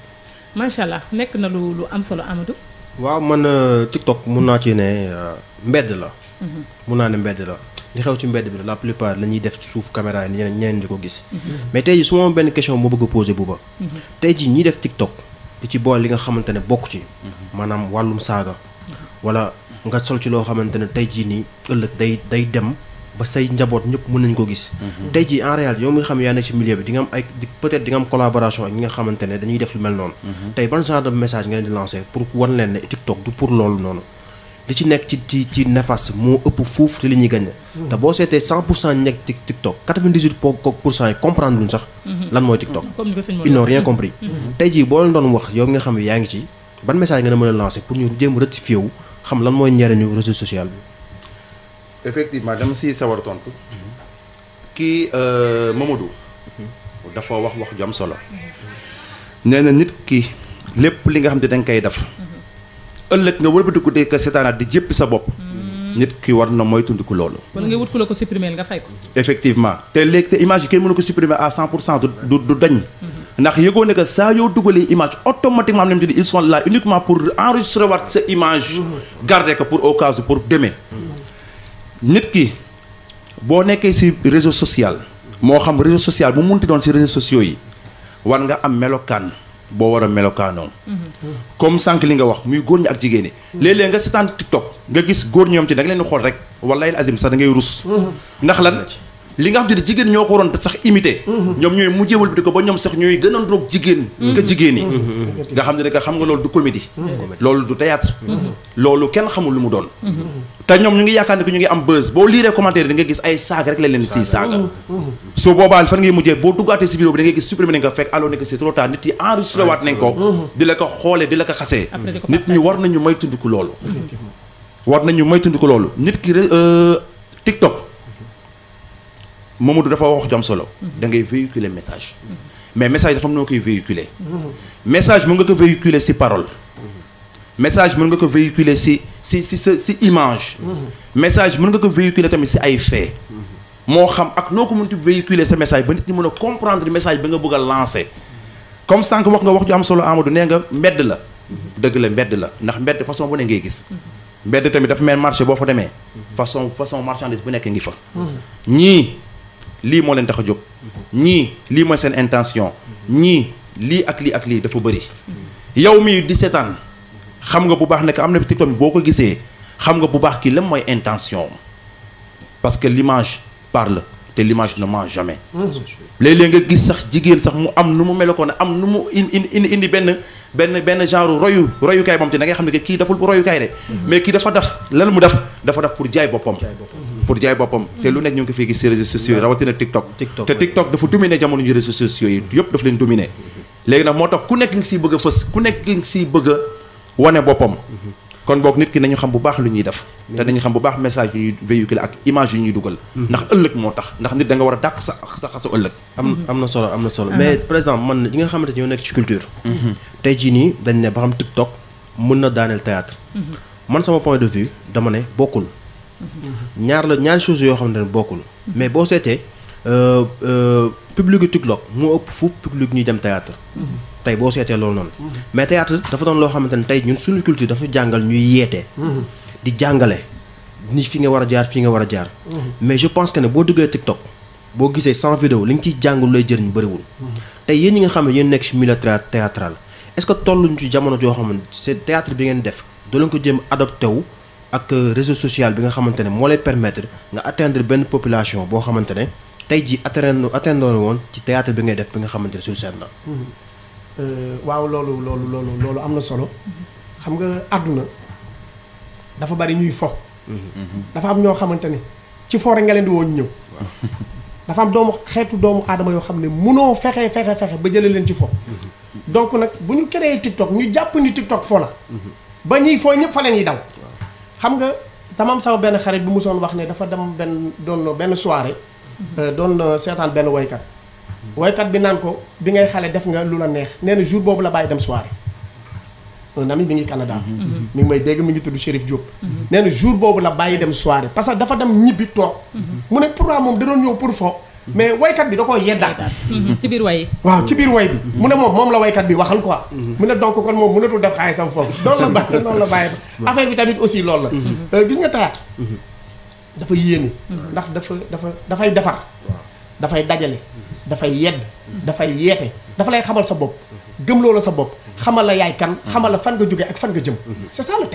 macha allah nekk na lu lu am solo Amadou. waaw man euh, TikTok mun naa ci ne euh, mbedd la. Mhm. mun naa ne mbedd la li xew ci mbedd bi la plupart la ñuy def ci suuf caméra yi ñeneen ñeneen di ko gis. Mhm. mais tey jii su ma benn question moo bëgg a posé bu ba. Mhm. tey jii ñiy def TikTok di ci boole li nga xamante ne bokk ci. maanaam wàllum saaga. wala nga sol ci loo xamante ne tey jii nii ëllëg day day dem. ba say njaboot ñëpp mën nañ ko gis mhm. tey jii en réalité yow mi xam yaa nekk ci milieu bi di ay peut-être collaboration ak nga xamante ne dañuy def lu mel noonu mhm. tey ban genre TikTok du nekk mhm. TikTok pour cent yi comprendre luñ sax lan mooy TikTok ils n'ont rien compris tey jii boo leen doon wax yow mi xam yaa ngi ci ban message nga leen mën a lancer pour ñu jéem rectifier wu xam lan mooy njëriñu réseau social bi effectivement dama siy sawar tontu kii euh, Mamadou dafa wax wax ju am solo nee na nit ki lépp li nga xam ne danga koy def ëllëg nga wëlbatiku de ko seetaanaat di jéppi sa bopp nit ki war na mooy tundiku loolu wala nga wut ku la ko supprimer nga fay ko effectivement te léegi te image yi kenn mënu ko supprimer à cent pour cent du dañ ndax yëgoo ne saa yoo dugalee image automatiquement am na di ils sont uniquement pour enregistrer waat sa image garder nit ki boo nekkee ci réseau social moo xam réseau social bu ti doon ci réseaux sociaux yi war nga am melokaan boo war a melokaanoo mm-hmm. comme sànq li nga wax muy góor ñi ak jigéen ñi mm-hmm. léeg-léeg nga seetaan TikTok nga gis góor ñoom ci da leen di xool rek wallahi azim sax da ngay rus mm-hmm. ndax lan li nga xam ne jigéen ñoo ko waroon sax imité ñoom ñooy mujjeewal bi ko ba ñoom sax ñooy gën a ndoog jigéen ka jigéen yi nga xam ne rek xam nga loolu du comédie loolu du théâtre loolu kenn xamul lu mu doon te ñoom ñu ngi yaakaar ne que ñu ngi am buzz boo liiree commentaire di nga gis ay saag rek la leen siy saaga su boobaa fan ngay mujjee boo duggaatee si bureau bi da ngay gis supprimer nañ ko fekk alors ne que c'est trop tard nit yi enregistré waat nañ ko di la ko xoolee di la ko xasee nit ñi war nañu ko loolu war nañu may tund ko loolu nit ki euh, TikTok Mamadou dafa wax ju am solo. Mhm. da ngay véhiculer message. Mhm. mais message dafa am noo koy véhiculer. Mhm. message mën nga ko véhiculer si parole. message mën nga ko véhiculer si ci ci sa ci image. message mën nga ko véhiculer tamit ci ay faits. moo xam ak noo ko mënti véhiculer sa message ba nit ñi mën a comprendre message bi nga bëgg a lancer. comme sànq wax nga wax ju am solo Amadou nee nga mbedd la. dëgg la mbedd la ndax mbedd façon bu ne ngay gis. mbedd tamit dafa mel marché boo fa demee. façon façon marchandise bu nekk ngi fa. lii moo leen tax a jóg ñii lii mooy seen intention ñii lii ak lii ak lii dafa bëri yow mii di seetaan xam nga bu baax ne am na TikTok boo ko gisee xam nga bu baax kii lan mooy intention parce que l'image parle te l'image ne ment jamais léeg-léeg nga gis sax jigéen sax mu am nu mu mel ko am nu mu indi indi benn benn benn genre royu royukaay moom te da ngay xam ne que kii daful royukaay de mm-hmm. mais kii dafa def lan mu def dafa def pour jaay boppam pour jaay boppam te lu nekk ñu ngi ko fii gis si réseaux sociaux yi rawatina TikTok te TikTok dafa dominé jamono ñu réseaux sociaux yi yëpp dafa leen dominé léegi nag moo tax ku nekk ngi siy bëgg a fës ku nekk ngi siy bëgg a wane boppam kon boog nit ki nañu xam bu baax lu ñuy def te nañu xam bu baax message yu ñuy véhiculer ak image yu ñuy dugal ndax ëllëg moo tax ndax nit danga war a dàq sa sa xasu ëllëg am am na solo am na solo mm-hmm. mais par exemple man ñi nga xamante ñoo nekk ci culture mm-hmm. tey jii nii dañ ne ba xam TikTok mën na daaneel théâtre mm-hmm. man sama point de vue dama bokkul ñaar la ñaari choses yoo xam ne bokkul. mais boo seetee euh, euh, public Ticlok moo ëpp fu public ñuy dem théâtre tey boo seetee loolu noonu. mais théâtre dafa doon loo xamante ne tey ñun suñu culture dafa jàngal ñuy yeete. di jàngale ni fi nga war a jaar fi nga war a jaar. mais je pense que ne boo duggee TikTok boo gisee sans vidéo li nga ciy jàngul lay jëriñ bëriwul. tey yéen ñi nga xam ne yéen nekk ci milieu théâtral est-ce que ñu ci jamono joo xam ne c'est théâtre bi ngeen def doo leen ko jéem adopté wu. ak euh, réseau social bi nga xamante ne moo lay permettre nga atteindre benn population boo xamante ne tey jii atteindre atteindre woon ci théâtre bi ngay def bi nga xamante ne sur scène la. Mm-hmm. Euh, waaw loolu loolu loolu loolu am na solo xam nga àdduna dafa bari ñuy fo. Mm-hmm. dafa am ñoo xamante ne ci fo rek nga leen di woon ñëw. dafa am doomu xeetu doomu aadama yoo xam ne mënoo fexe fexe fexe ba jëlee leen ci fo. Mm-hmm. donc nag bu ñu créé TikTok ñu jàpp ni TikTok fo la. ba ñuy fo ñëpp fa la ñuy daw. xam nga dama am sama benn xarit bu musoon wax ne dafa dem benn doon benn soirée. Euh, doon seetaan benn woykat. woykat bi naan ko bi ngay xale def nga lu la neex nee jour boobu la bàyyi dem soirée. un bi mi ngi Canada. Mm-hmm. mi ngi may dégg mu ngi tudd Chérif Diop. Mm-hmm. nee na jour boobu la bàyyi dem soirée parce que dafa dem ñibbi toog. Mm-hmm. mu ne pourquoi moom da doon ñëw pour fo. mais waykat bi da koo yeddaat. Mhm. ci biir way waaw ci biir way bi. mu ne moom moom la waykat bi waxal quoi. mu ne donc kon moom mënatul def xaalisam foofu noonu la bàyyi noonu la bàyyi ba affaire bi tamit aussi loolu la. Mhm. Euh, gis nga taat. Mhm. dafa yéene. ndax dafa dafa dafay defar. dafay dajale. dafay yedd. dafay yeete dafa lay xamal sa bopp. gëm loola sa bopp. xamal la yaay kan xamal la fan nga jóge ak fan nga jëm. c'est ça le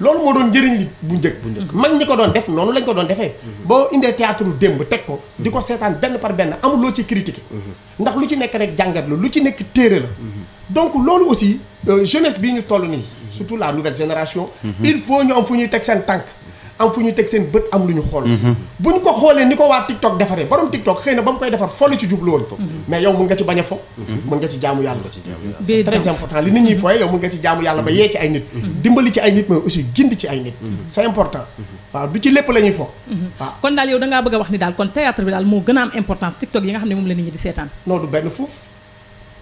loolu moo doon njëriñ li bu njëkk bu njëkk mag ñi ko doon def noonu lañ ko doon defee mm-hmm. boo indee théâtre démb teg ko di ko mm-hmm. seetaan benn par benn amul loo ci critiqué mm-hmm. ndax lu ci nekk rek jàngat la lu ci nekk téere la donc loolu aussi euh, jeunesse bii ñu toll nii surtout la nouvelle génération il faut ñu am fu ñuy teg seen tànk am fu ñu teg seen bët am lu ñu xool mhm. bu ñu ko xoolee ni ko waa TikTok defaree borom TikTok xëy na ba mu koy defar folu ci jublu woon mhm. mais yow mun nga ci bañ a fo mhm. mun nga ci jaamu yàlla ba yee ci ay nit dimbali ci ay nit mais aussi gindi ci ay nit c'est important waaw du ci lépp la fo waaw kon daal yow dangaa bëgg a wax ni daal kon théâtre bi daal moo gën a am importance TikTok yi nga xam ne moom la nit ñi di seetaan non benn foofu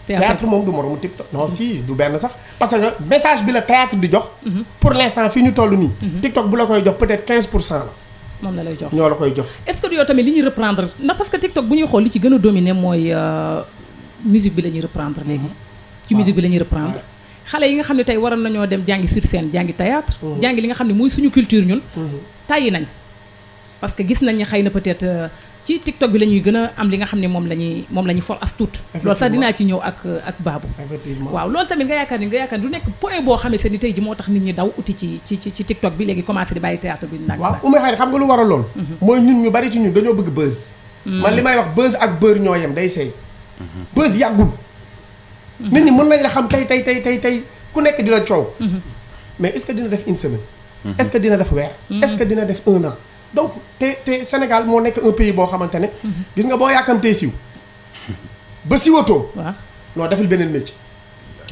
théâtre moom du moromu TikTok non si du benn sax parce que message bi la théâtre di jox mhm. pour l'instant fi ñu toll nii mhm. TikTok bu la koy jox peut-être 15 pour cent moom la lay jox ñoo la koy jox est-ce que du yow tamit li ñuy reprendre ndax parce que TikTok bu ñuy xool li ci gën a dominé mooy euh, musique bi la ñuy reprendre léegi mhm. ci musique bi la ñuy reprendre xale yi nga xam ne tey waroon nañoo dem jàngi sur scène jàngi théâtre jàngi li nga xam ne mooy suñu culture ñun tàyyi nañ gis nañ ne na peut ci TikTok bi la ñuy gën a am li nga xam ne moom la moom la ñuy fol as tuut loolu sax dinaa ci ñëw ak baabu waaw loolu tamit nga yaakaar ni nga yaakaar du nekk point boo xamante ni tey ji moo tax nit ñi daw uti ci ci ci TikTok bi léegi commencé di bàyyi théâtre bi nag waaw umay xarit xam nga lu war a lool mhm. mooy ñun ñu bari ci ñun dañoo bëgg buzz mhm. man li may wax buzz ak bër ñoo yem day seey mhm. buzz yàggul nit ñi mën nañ la xam tey tey tey tey tey ku nekk dina coow mais est dina def une semaine est-ce dina def weer est-ce que dina def un an donc te te Sénégal moo nekk un pays boo xamante ne. Mhm. gis nga boo yàkkamtee siw ba siwatoo. waaw non defal beneen métier.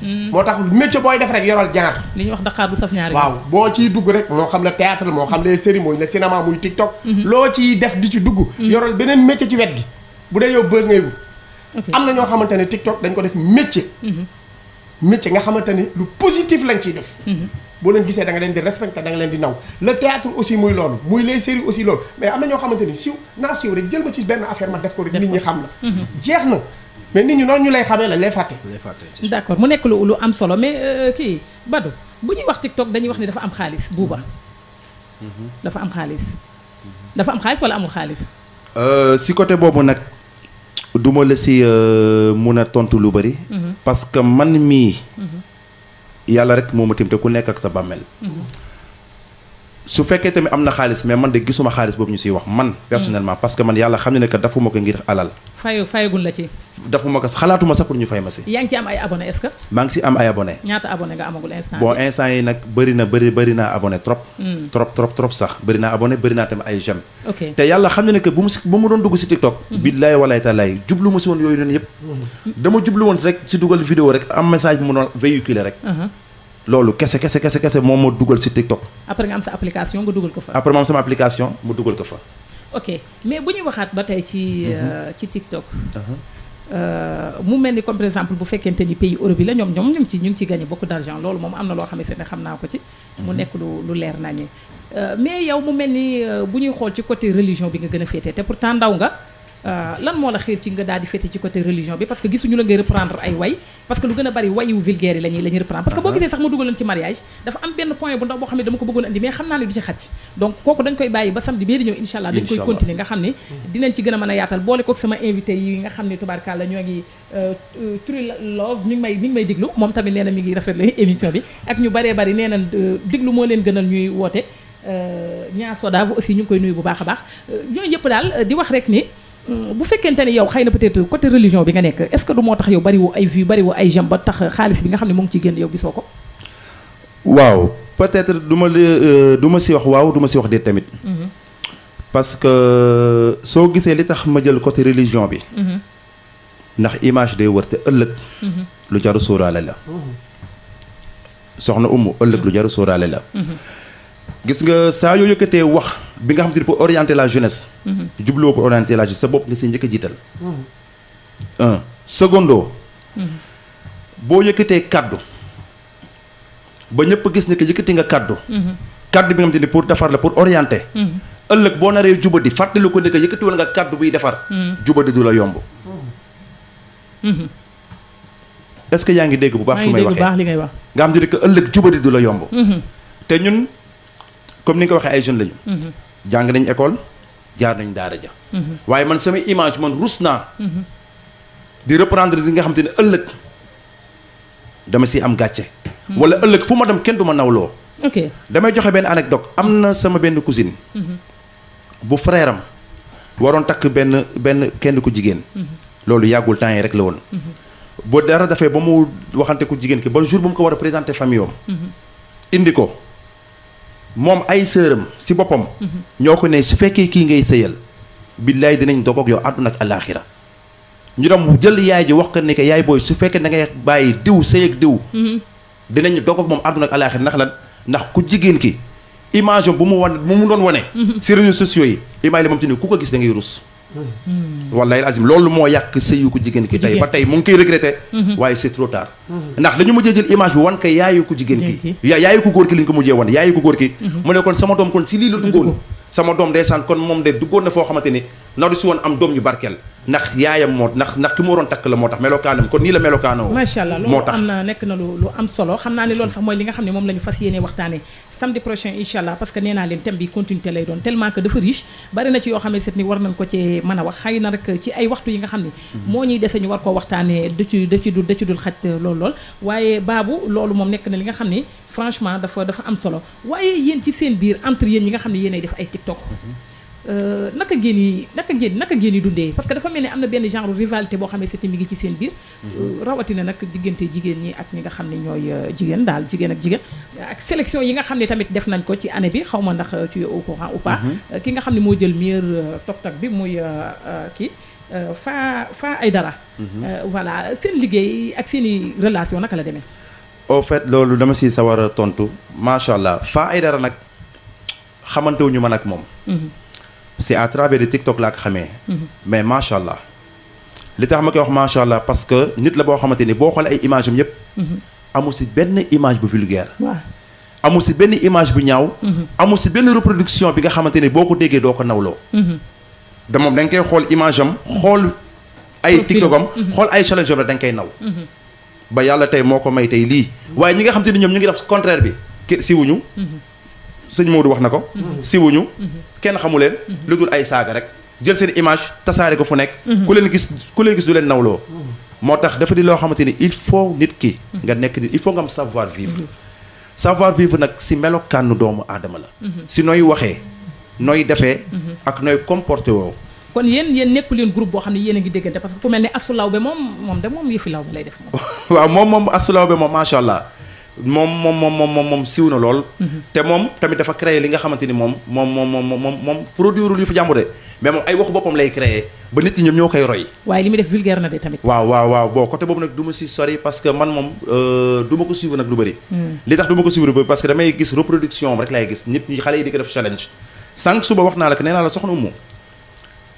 Hmm. moo tax métier booy def rek yoral ñaar. li ñuy wax Dakar du saf ñaar waaw boo ciy dugg rek moo xam la théâtre moo xam les séries mooy le cinéma muy TikTok. Mhm. loo ciy def di ci dugg. Mhm. yoral beneen métier ci wet gi bu dee yow bës ngay wut. am na ñoo xamante ne TikTok dañ ko def métier. métier nga xamante ne lu positif lañ ciy def. boo leen gisee da leen di respecté da leen di naw le théâtre aussi muy loolu muy les séries aussi loolu mais am na ñoo xamante ni siw naa siw rek jël ma ci benn affaire ma def ko rek nit ñi xam la mhm. jeex na mais nit ñi noonu ñu lay xamee lañ lay fàtte d'accord mu nekk lu lu am solo mais euh, kii Badou bu ñuy wax TikTok dañuy wax ni dafa am xaalis buuba mhm. dafa am xaalis dafa am xaalis wala amul xaalis euh, si côté boobu nag duma la si euh, mun a tontu lu bëri mhm. parce que yàlla rek moo ma tiim ku nekk ak sa bàmmeel mhm. su fekkee tamit am na xaalis mais man de gisuma xaalis boobu ñu siy wax man personnellement parce que man yàlla xam ne ne que la ci dafuma ko xalaatuma sax pour ñu fay ma si mu mu doon dugg si TikTok hmm. billaay walaay talaay jublu ma si woon yooyu noonu yëpp hmm. dama jublu woon rek si dugal vidéo rek am message bu mu doon véhiculer rek uh-huh. loolu kese kese kese kese moom moo dugal si TikTok. après nga am sa application nga dugal ko fa. après ma am sama application mu dugal ko fa. ok mais bu ñu waxaat ba tey ci mhm. euh, ci TikTok. Uh-huh. Euh, mu mel ni comme par exemple bu fekkente ni pays Europe yi la ñoom ñoom ñu ngi ci ñu ngi ci gagné bokk d'argent loolu moom am na loo xamante ne xam naa ko ci. mu mhm. nekk lu lu leer nañu. Euh, mais yow mu mel ni bu ñuy xool ci côté religion bi nga gën a féetee te pour pourtant ndaw nga. Euh, lan moo la xiir ci nga daal di féete ci côté religion bi parce que gisuñu la ngay reprendre ay way parce que lu gën a bari wayu vulgaire yi reprendre parce que boo ah. gisee sax ma dugaleen ci mariage dafa am benn point bu ndaw boo xam ne dama ko bëggoon andi mais xam naa ne du ci xaj donc kooku dañ koy bàyyi ba samedi bee di ñëw incha allah dañ koy continuer nga xam ne mm. dinañ ci gën a mën a yaatal boole kook sama invité yi nga xam ne tubaarkàlla ñoo ngi euh, euh, True Love mi ngi may mi ngi may aussi ñu ngi koy nuyu bu baax a baax yëpp daal di wax rek ni Hmm, bu fekkente ni yow xëy na peut-être côté religion bi nga nekk est-ce que du moo tax yow bariwu ay vues bariwu ay jam ba tax xaalis bi nga xam ne mu ngi génn yow gisoo ko. waaw peut-être du ma euh, du wax waaw du ma wax déet tamit. Mm-hmm. parce euh, soo gisee li tax ma jël côté religion bi. Mm-hmm. ndax image day wër te ëllëg. Mm-hmm. lu jaru sóoraale la. soxna umu ëllëg lu jaru sóoraale la. gis nga saa yoo yëkkatee wax. bi nga xam te ne pour orienter la jeunesse. Mhm. jubloo pour orienter la jeunesse sa bopp nga see njëkk a jiital. Mhm. un mhm. boo yëkkatee kaddu ba ñëpp gis ne que yëkkati nga kaddu. kaddu bi nga xam te ne pour defar la pour orienter. ëllëg boo naree jubadi fàttali ko ne que yëkkati wala nga kaddu buy defar. jubadi du la yomb. est yaa ngi dégg bu baax. fu may waxee li ngay wax. nga xam te ne que ëllëg jubadi du la yomb. te ñun comme ni nga ko waxee ay jeunes lañu. jàng nañ école jaar nañ daara ja mhm. waaye man sama image man rus naa mhm. di reprendre li nga xam te ne ëllëg dama si am gàcce mhm. wala ëllëg fu ma dem kenn du ma nawloo ok damay joxe benn anecdote am na sama benn cousine bu frère am waroon takk benn benn kenn ku jigéen loolu yàggul temps rek la woon bu dara dafee ba mu waxante ku jigéen ki ba jour bu mu ko war a présenter famille am indi ko moom ay sëram si boppam. Mm-hmm. ñoo ko ne su fekkee kii ngay sëyal. billaay dinañ dogoog yow àdduna ak alaaxira ñu dem jël yaay ji wax ko ne que yaay booy su fekkee da ngay bàyyi diw sëy ak diw. Mm-hmm. dog ak moom àdduna ak alaaxira ndax lan ndax ku jigéen ki image bu mu wan bu mu doon wane. Mm-hmm. si réseaux sociaux yi. imaay la moom ci ne ku ko gis da ngay rus. Hmm. wallahi azim loolu moo yàq sëyu ko jigéen ki tey ba tey mu ngi koy regretté hmm. waaye c'est trop tard hmm. ndax dañu mujjee jël image bi wan ko yaayu ko jigéen ki yaayu ko góor ki liñ ko mujjee wan yaayu ko góor ki mu ne kon sama doom kon si lii la duggoon sama doom day saan kon moom de duggoon na foo xamante ni naru si woon am doom yu barkeel ndax yaayam moo ndax ndax ki mu waroon takk la moo tax melokaanam kon nii la melokaanoo macha allah loolu am na nekk na lu am solo xam naa ne loolu sax mooy li nga xam ne la ñu fas yéene waxtaane samedi prochain incha allah parce que nee naa leen thème bi continuité lay doon tellement que dafa riche bari ci yoo xam ne set ni war nañ ko ci mën a wax xëy na rek ci ay waxtu yi nga xam ne moo ñuy dese ñu war koo waxtaane lool moom nekk na li nga xam ne franchement dafa dafa am solo waaye yéen ci seen biir entre yéen ñi nga xam ne yéenay def ay tiktok Euh, naka ngeen yi naka ngeen naka ngeen yi dundee parce que dafa mel ni am na benn genre rivalité boo xam ne c'était mi ngi ci seen biir. Mhm. Euh, rawatina nag diggante jigéen ñi ak ñi nga xam ne ñooy euh, jigéen daal jigéen ak jigéen. ak sélection yi nga xam ne tamit def nañ ko ci année bi xaw ma ndax tu es au courant ou pas. Mhm. ki nga xam ne moo jël meilleur tog-tog bi muy kii. Faa Faa dara mhm. voilà seen liggéey ak seeni relation naka la demee. au fait loolu dama si sawar tontu macha allah Faa Aidara nag xamante wu moom. c'est à travers de TikTok laa ko xamee. Mhm. mais macha allah li tax ma koy wax macha allah parce que nit la boo xamante ni boo xoolee ay mhm. image am bu vulgaire. waaw amul si benn image bu ñaaw. Mhm. amul si benn reproduction bi nga xamante ni boo ko déggee doo ko nawloo. da moom da nga koy xool image am xool ay TikTok am. xool ay challenge am rek da koy naw. ba yàlla tey moo ko may tey lii. waaye ñi nga xamante ni ñoom ñu ngi def contraire bi. kii siwuñu. sëñ Maodo wax na ko. Mhm. Mhm. siwuñu mhm. kenn xamu leen. lu dul ay saaga rek jël seen image tasaare ko fu nekk. ku leen gis ku leen gis du leen nawloo. moo tax dafa di loo xamante ni il faut nit ki. nga nekk nit il faut nga am savoir vivre. savoir vivre nag si melokaanu doomu aadama la. si nooy waxee nooy defee. ak nooy comporté woo. kon yéen yéen nekku leen boo xam ne yéen ngi déggante parce que ku mel ne asulaaw be moom moom de moom yëfi law bi lay def moom. moom moom moom moom moom siw na lool. te moom tamit dafa créer li nga xamante ni moom moom moom moom moom moom jàmbure mais moom ay waxu boppam lay créer ba nit ñoom ñoo koy roy. waaye li muy def vulgaire na de tamit. waaw waaw waaw bon côté boobu nag du ma sori parce que man moom du ma ko suivre nag lu bëri. li tax du ma ko suivre ba parce que damay gis reproduction rek laay gis nit ñi xale yi di ko def challenge. sànq suba wax naa la que nee naa la soxna Umu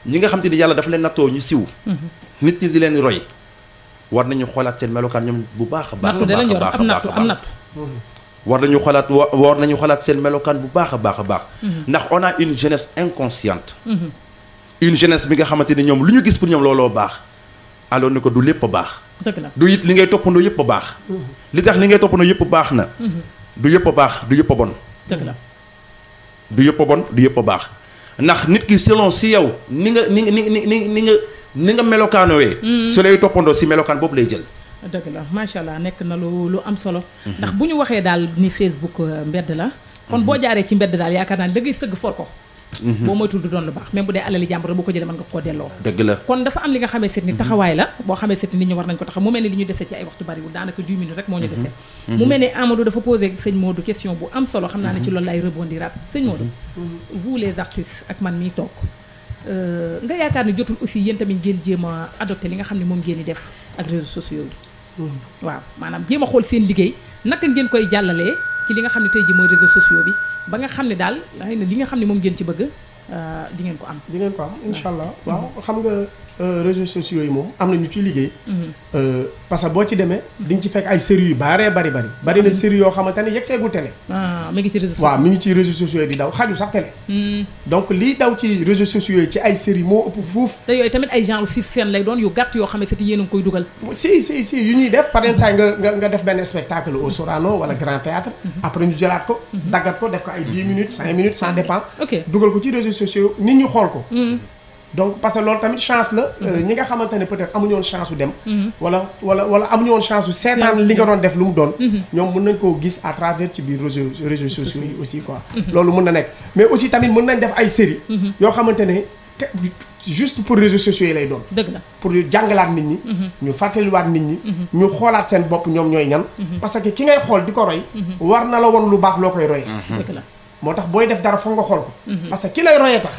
ñi nga xam te ni yàlla dafa leen nattoo ñu siw. nit war nañu xoolaat seen melokaan ñoom bu baax a baax a baax am nattu am nattu war nañu xoolaat war nañu xoolaat seen melokaan bu baax a baax a baax mhm. ndax on a une jeunesse inconsciente mhm. une jeunesse bi nga xamante ni ñoom lu ñu gis pour ñoom looloo baax alors ni ko du lépp a baax du it li ngay toppandoo yëpp a baax mhm. li tax li ngay toppandoo yëpp baax na du yëpp a baax du yëpp a bon du yëpp bon du yëpp a baax ndax nit ki selon si yow ni nga ni ni ni ni ni nga ni nga melokaanowee. Mm. su lay toppandoo si melokaan boobu lay jël. dëgg la macha allah nekk na lu lu am solo. ndax bu ñu waxee daal ni Facebook euh, mbedd la. kon mm-hmm. boo jaaree ci mbedd daal yaakaar naa da ngay sëgg for ko. Mhm. boo moytul du doon lu baax même bu dee alali jàmbur boo ko jëlee mën nga koo delloo kon dafa am li nga xamee seet ni mhm. taxawaay la boo xamee seet ni nit ñi war nañ ko taxaw mu mel ne li moo ñu desee mhm. mu mel ne Amadou dafa posé sëñ Modou question bu am solo xam naa ne ci loolu lay rebondiraat sëñ Modou vous les artistes ak man mii toog euh, nga yaakaar ni jotul aussi yéen tamit ngeen jéem a li nga xam ne moom ngeen di def ak réseaux sociaux yi waaw maanaam jéem xool seen liggéey naka ngeen koy jàllalee ci li nga xam ne tey ji mooy réseaux sociaux bi ba nga xam ne daal na li nga xam ne moom ngeen ci bëgg euh, di ngeen ko am di ngeen ko am incha waaw xam nga Euh, réseaux sociaux yi moom am na ñu ciy liggéey. Mhm. Euh, parce que boo ci demee mhm. di ñu ci fekk ay séries yu baaree bari bari. bari na mhm. séries yoo xamante ne yegg seegul télé. Ah, mi ngi ci réseaux waaw mi ngi ci réseaux sociaux yi di daw xaju sax télé. donc liy daw ci réseaux sociaux yi ci ay séries moo ëpp fuuf. te yooyu tamit ay genre suspense lay doon yoo xam ne yéen a koy dugal. si si si yu ñuy def par exemple nga nga nga def benn spectacle au Sorano wala Grand Théâtre après ñu jëlaat ko. daggat ko def ko ay 10 minutes 5 minutes ça dépend. ko ci réseaux ñu xool ko. donc parce que loolu tamit chance la mhm. euh, ñi nga xamante ne peut-être amuñu woon chance su dem mhm. wala wala wala amuñu woon chance su seetaan li nga doon def lu mu doon mhm. ñoom mun nañ koo gis à travers ci biir réseaux réseaux sociaux yi aussi quoi loolu mun na nekk mais aussi tamit mën nañ def ay série yoo xamante ne te juste pour réseaux sociaux yi lay doon dëgg la pour jàngalaat nit ñi ñu fàttaliwaat nit ñi ñu xoolaat seen bopp ñoom ñooy ñan parce que ki ngay xool di ko roy war na la woon lu baax loo koy royee dëgg la moo tax booy def dara nga xool ko que ki lay tax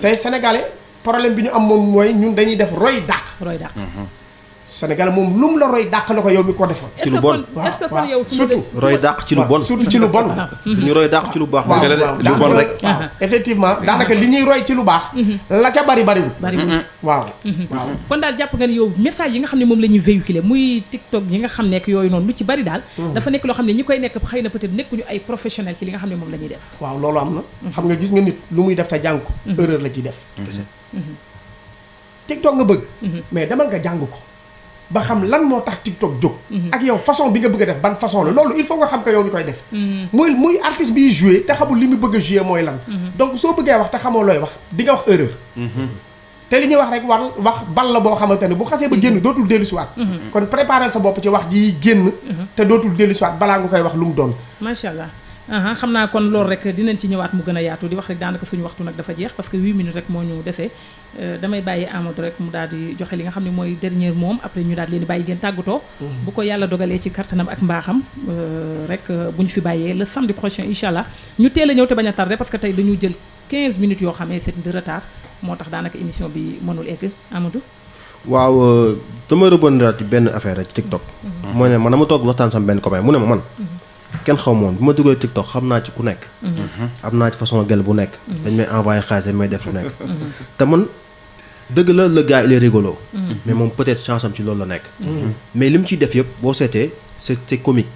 tey sénégalais problème bi ñu am moom mooy ñun dañuy def roy dàq. roy dàq. Mhm. Sénégal moom lu mu la roy dàq la ko yow mi ko defoon. ci lu bon waaw surtout. roy dàq ci lu bon surtout ci lu bon. Ah. ñu mm-hmm. roy dàq ci lu baax. waaw lu bon rek. effectivement daanaka li ñuy roy ci lu baax. Mm-hmm. la ca bari bariwul. bariwul mm-hmm. waaw. waaw kon daal jàpp nga ni yow message yi nga xam ne moom la ñuy véhiculer muy TikTok yi nga xam nekk yooyu noonu lu ci bari daal. dafa nekk loo xam ne ñi koy nekk xëy na peut-être nekkuñu ay professionnel ci li nga xam ne moom la ñuy def. waaw loolu am na. xam nga gis nga nit lu muy def te jàng ko. erreur la ciy def. TikTok nga bëgg. mais demal nga jàng ko ba xam lan moo tax TikTok jóg. Mhm. ak yow façon bi nga bëgg a def ban façon la loolu il faut nga xam ko yow mi koy def. Mhm. muy muy artiste biy joué te xamul li mu bëgg a joué mooy lan. Mhm. donc soo bëggee wax te xamoo looy wax di nga wax erreur. te li ñuy wax rek war wax bal la boo xamante ne bu xasee ba génn dootul dellu siwaat kon préparer sa bopp ci wax ji génn. te dootul dellu balaa nga koy wax lu mu doon. macha allah. xam naa kon loolu rek dinañ ci ñëwaat mu gën a yaatu di wax rek daanaka suñu waxtu nag dafa jeex parce que 8 minutes rek moo ñu defee euh, damay bàyyi Amadou rek mu daal di xam ne mooy dernier moom après ñu daal leen di bàyyi ngeen tàggatoo. Mm-hmm. bu ko yàlla dogalee ci kattanam ak mbaaxam euh, rek euh, bu ñu fi bàyyee le samedi prochain incha allah ñu teel a ñëw te bañ a tardé parce que tey dañu jël 15 minutes yoo xam ne de retard moo tax daanaka émission bi mënul egg Amadou. waaw dama rebondir ci kenn xaw moon bi ma duggee TikTok xam naa ci ku nekk. Mhm. am naa ci façon gel bu nekk. Mhm. dañ may envoyé xaalis dañ may def lu nekk. Mhm. te dëgg la le gars il est rigolo. mais moom peut chance am ci loolu la nekk. mais li mu ciy def yëpp boo seetee c'est c'est comique.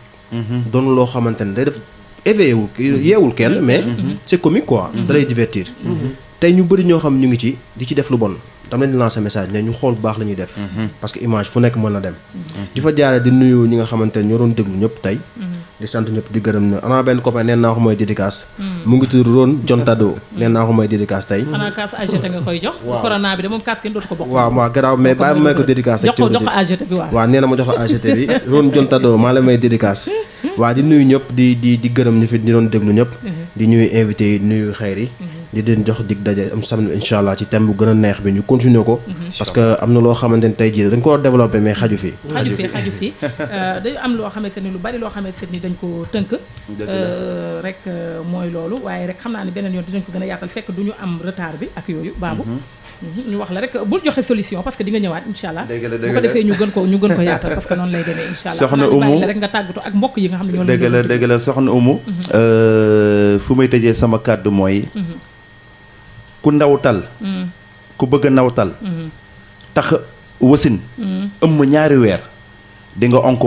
doon loo xamante ne day def éveillé wul yeewul kenn mais. c'est comique quoi da lay divertir. tey ñu bëri ñoo xam ñu ngi ci di ci def lu bon dam leen di lancer message ne ñu xool baax la ñuy def. parce que image fu nekk mën na dem. di fa jaaree di nuyu ñi nga xamante ne di sant ñëpp di gërëm na amaa benn copain neen naa ko mooy dédicace. Hmm. mu ngi tudd Ron John neen naa ko mooy dédicace tey. xanaa kaas AGT nga koy moom kaas ko bokk. waaw ma may ko dédicace. jox ko jox ko AGT bi waaw. waaw nee na ma jox ko AGT bi Ron John Tado maa la may dédicace. waa di nuyu ñëpp di di di gërëm ñu fi di doon déglu ñëpp. di ñuy invité yi nuyu xeer yi mhm. di leen jox dig daje am samedi incha allah ci thème bu gën a neex bi ñu continuer ko. Mhm. parce que am na loo xamante ni tey jii dañ ko développé mais xaju fi. xaju fi xaju fi euh, dañu am loo xamante ni lu bari loo xamante ni dañ ko tënk. Euh, rek euh, mooy loolu waaye rek xam naa ne beneen yoon dinañ ko gën a yaatal fekk du ñu am retard bi ak yooyu baabu. Mhm. Mhm. ñu wax la rek bul joxe solution parce que ñëwaat incha allah bu ko defee ñu gën ko ñu gën ko yaatal parce que noonu lay la rek nga tàggatu ak mbokk yi nga xam ne ñoo dëgg la dëgg la ku ndawtal mm. ku bëgg a mm-hmm. mm.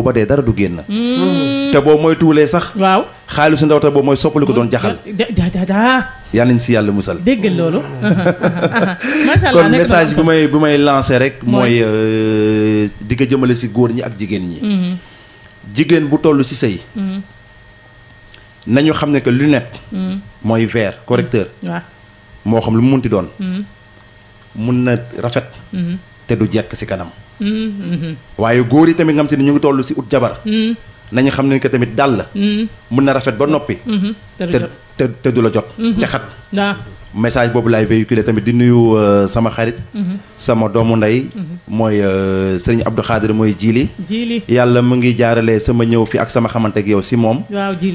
ba dee dara du génn mm. te boo mooy tuulee sax waaw xaalisu ndawtal boobu mooy soppali ko doon jaxal yàlla nañ si yàlla musal dégg loolu macha allah kon message bi may bi may lancé rek mooy euh, di ko jëmale si góor ñi ak jigéen ñi mm-hmm. jigéen bu toll si sëy mm-hmm. nañu xam ne que lunette mooy verre correcteur moo xam lu mu munti doon. Mm-hmm. mun na rafet. Mm-hmm. te du jekk si kanam. Mm-hmm. waaye góor yi tamit nga xam si ne ñu ngi toll si ut jabar. nañu xam ne que tamit dal mun na rafet ba noppi. te te te du la jot. te xat. message boobu laay véhiculer tamit di nuyu euh, sama xarit. Mhm. sama doomu ndey. Mhm. mooy euh, sëriñ Abdou Khadir mooy jiili. jiili yàlla mu ngi jaarale sama ñëw fi ak sama xamante ak yow si moom.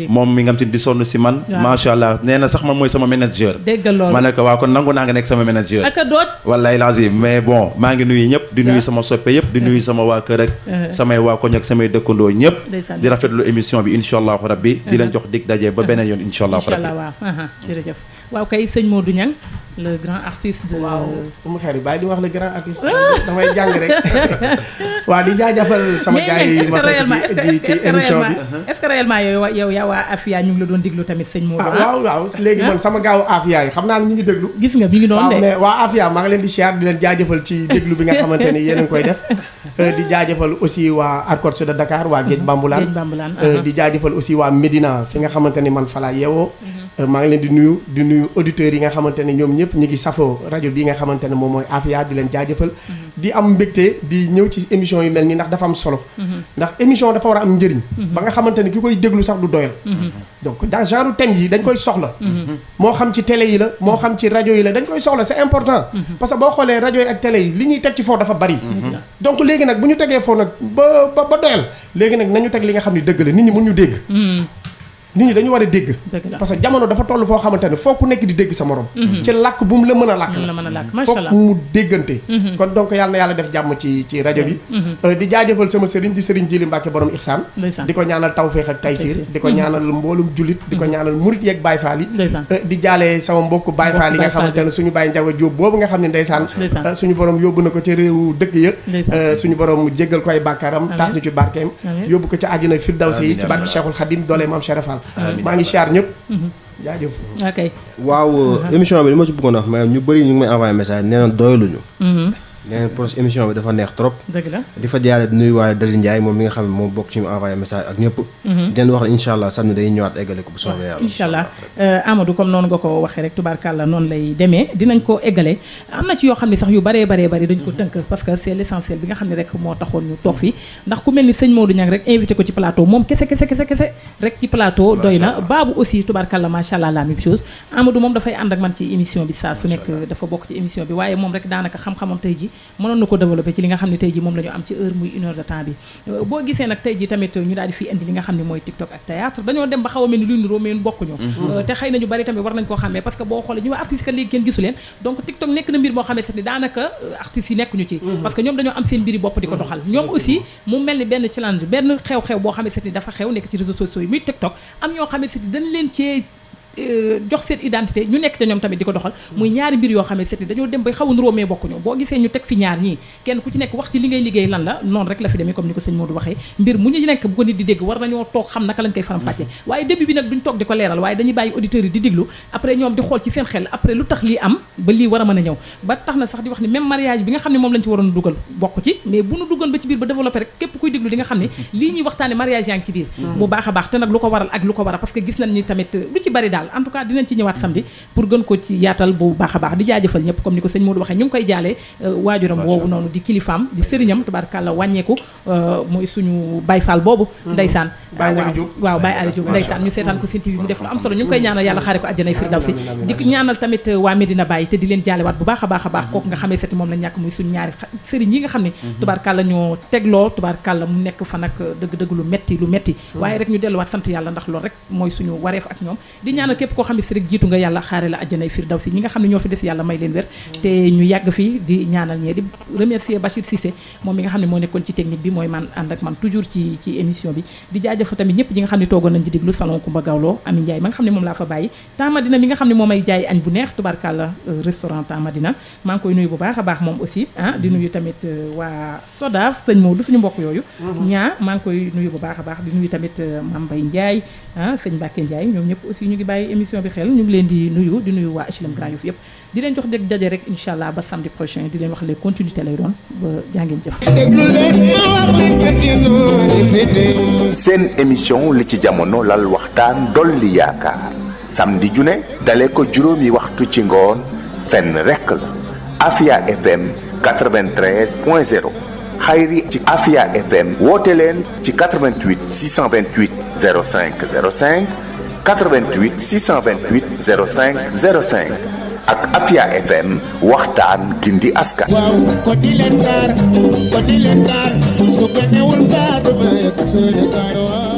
moom mi nga xam di sonn si man. waaw macha allah nee na sax man mooy sama manager. dégg loolu waa ko kon nangu naa nga nekk sama manager. ak a doot wallaay mais bon maa ngi nuyu ñëpp. di nuyu sama soppe yëpp di nuyu eh. sama waa kër ak. Eh. samay waa koñ ak samay dëkkandoo ñëpp. di rafetlu émission bi incha allahu rabbi. di leen eh. jox dig daje ba beneen yoon incha allahu rabbi. jërëjëf waaw kay moo du Niang le grand artiste. de waaw Oumou Khairy bàyyi di wax le grand artiste. damay jàng rek. waa di jaajëfal sama gars yi ma émission bi est-ce que réellement yow ñu ngi la doon déglu tamit sëñ Modou. ah waaw waaw ah? léegi man sama gaawu Afia yi xam naa ne ñu ngi déglu. gis nga mi ngi noonu de. waa Afia maa ngi leen di siyaar di leen jaajëfal ci déglu bi nga xamante ni yéen koy def. Euh, di jaajëfal aussi waa Arcor Sud de Dakar waa Géej mhm. Bambulaan. Géej Bambulaan euh, di jaajëfal aussi waa Médina fi nga xamante ni man falaa laa Euh, maa ngi leen di nuyu di nuyu auditeurs yi nga xamante ne ñoom ñëpp ñu ngi safoo rajo bi nga xamante ne moom mooy Afia di leen jaajëfal. Mhm. di am mbégte di ñëw ci émission yi mel nii ndax dafa am solo. Mhm. ndax émission dafa war a am njëriñ. Mhm. ba nga xamante ne ki koy déglu sax du doyal. donc dans genre thème yi dañ koy soxla. moo xam ci télé yi la moo xam ci rajo yi la dañ koy soxla c'est important. parce que boo xoolee rajo yi ak télé yi li ñuy teg ci foo dafa bari. donc léegi nag bu ñu tegee foo nag ba ba doyal léegi nag nañu teg li nga xam ne dëgg la nit ñi mun ñu dégg. nit ñi dañu war a dégg parce que jamono dafa toll foo xamante ne foo ku nekk di dégg sa morom mhm. ci làkk bu mu la mën a làkk foog mu déggante mhm. kon donc yàlla na def jàmm ci rajo bi mhm. Euh, di jaajëfal sama sëriñ di sëriñ Jili Mbàkke borom Ixsaan di ko ñaanal tawféex ak taysiir di ko ñaanal mboolum julit di ko ñaanal murit yeeg Baay Faal yi euh, di jaale sama mbokk Baay Faal yi nga xamante ne suñu Baay Njaga Jóob boobu nga xam ne ndeysaan euh, suñu borom maa ngi siyaar ñëpp. jaajëf. ok waaw euh, émission bi li ma ci bëggoon a wax ñu bëri ñu ngi may envoyé message nee na neen proche émission bi dafa neex trop. dëgg la di fa jaaree di nuyuwaale Dali Ndiaye moom mi nga xam moom bokk ci mu envoyé message ak ñëpp. Mhm. di ko bu soobee yàlla. incha euh, demee dinañ ko eggale yoo xam ne sax yu baree baree bari mhm. parce que c' est l' moo taxoon ñu toog fi ndax ku mel ni sëñ Modou Niang rek invité ko la même chose. Amadou moom dafay ànd ak man ci émission bi saa su dafa bokk ci émission bi waaye moom rek daanaka xam-xamam tey ji mënoon na ko développé ci li nga xam ne tey ji moom la ñu am ci heure muy une heure de temps bi euh, boo gisee nag tey ji tamit ñu daal di fii indi li nga xam ne mooy TikTok ak théâtre dañoo dem ba xaw mel ni luy niroo mais bokkuñu mhm. euh, te xëy nañu bari tamit war nañ koo xamee parce boo xoolee ñu ma ka léegi kenn gisu leen donc TikTok nekk na mbir moo xamee sax ni daanaka euh, artistes yi nekkuñu ci mhm. parce ñoom dañoo am seen mbiri bopp di ko doxal ñoom aussi mu mel Euh, jox seen identité ñu nekk te ñoom tamit di ko doxal muy ñaari mbir yoo xam seet ni dañoo dem bay xaw a nuroo bokkuñu boo gisee ñu teg fi ñaar ñii kenn ku ci nekk wax ci li nga xam ne moom mm-hmm. ñuy waxtaane mariage yaa ngi ci biir mm-hmm. bu baax a baax te nag lu ko waral ak lu ko waral parce gis nañ ni tamit lu ci bari daal daal en tout cas dinañ ci ñëwaat samedi pour gën ko ci yaatal bu baax a baax di jaajëfal ñëpp comme ni ko sëñ Modou waxee ñu ngi koy jaalee euh, waajuram woowu noonu di kilifaam di sëriñam tubaarkàlla wàññeeku euh, mooy suñu bayfaal boobu mm-hmm. ndeysaan Baye Aliou Diop waaw Baye Aliou Diop ñu seetaan ko seen TV mu def lu am solo ñu euh, a nga la ñàkk muy xam ne moo nekkoon ci technique bi mooy man ànd ak man toujours ci émission bi di jaajëf jaajëfa tamit ñëpp ñi nga xam ne toogoon nañ ci déglu salon Coumba Gawlo Ami Ndiaye ma nga xam ne moom laa fa bàyyi Tamadina mi nga xam ne moom ay jaay añ bu neex tubarkàlla euh, restaurant Tamadina maa ngi koy nuyu bu baax baax moom aussi ah di nuyu tamit euh, waa Sodav sëñ Maodo suñu mbokk yooyu mm-hmm. ñaa maa koy nuyu bu baax baax di nuyu tamit euh, Mame Mbaye Ndiaye ah sëñ Mbacke Ndiaye ñoom ñëpp aussi ñu ngi bàyyi émission bi xel ñu ngi leen di nuyu di nuyu waa HLM Grand Yoff yëpp di leen jox dëgg daje rek incha allah ba samedi prochain di leen wax les continuités lay doon ba jàngeen jëf. seen émission li ci jamono lal waxtaan dolli yaakaar samedi ju ne dale ko juróomi waxtu ci ngoon fenn rekk la Afia FM 93 point xayri ci Afia FM woote leen ci 88 628 05 05 88 628 05 05. ak Afia FM waxtaan gindi askan. waaw ko di leen gaar ko di leen gaar su ko newul gaar du ma yegg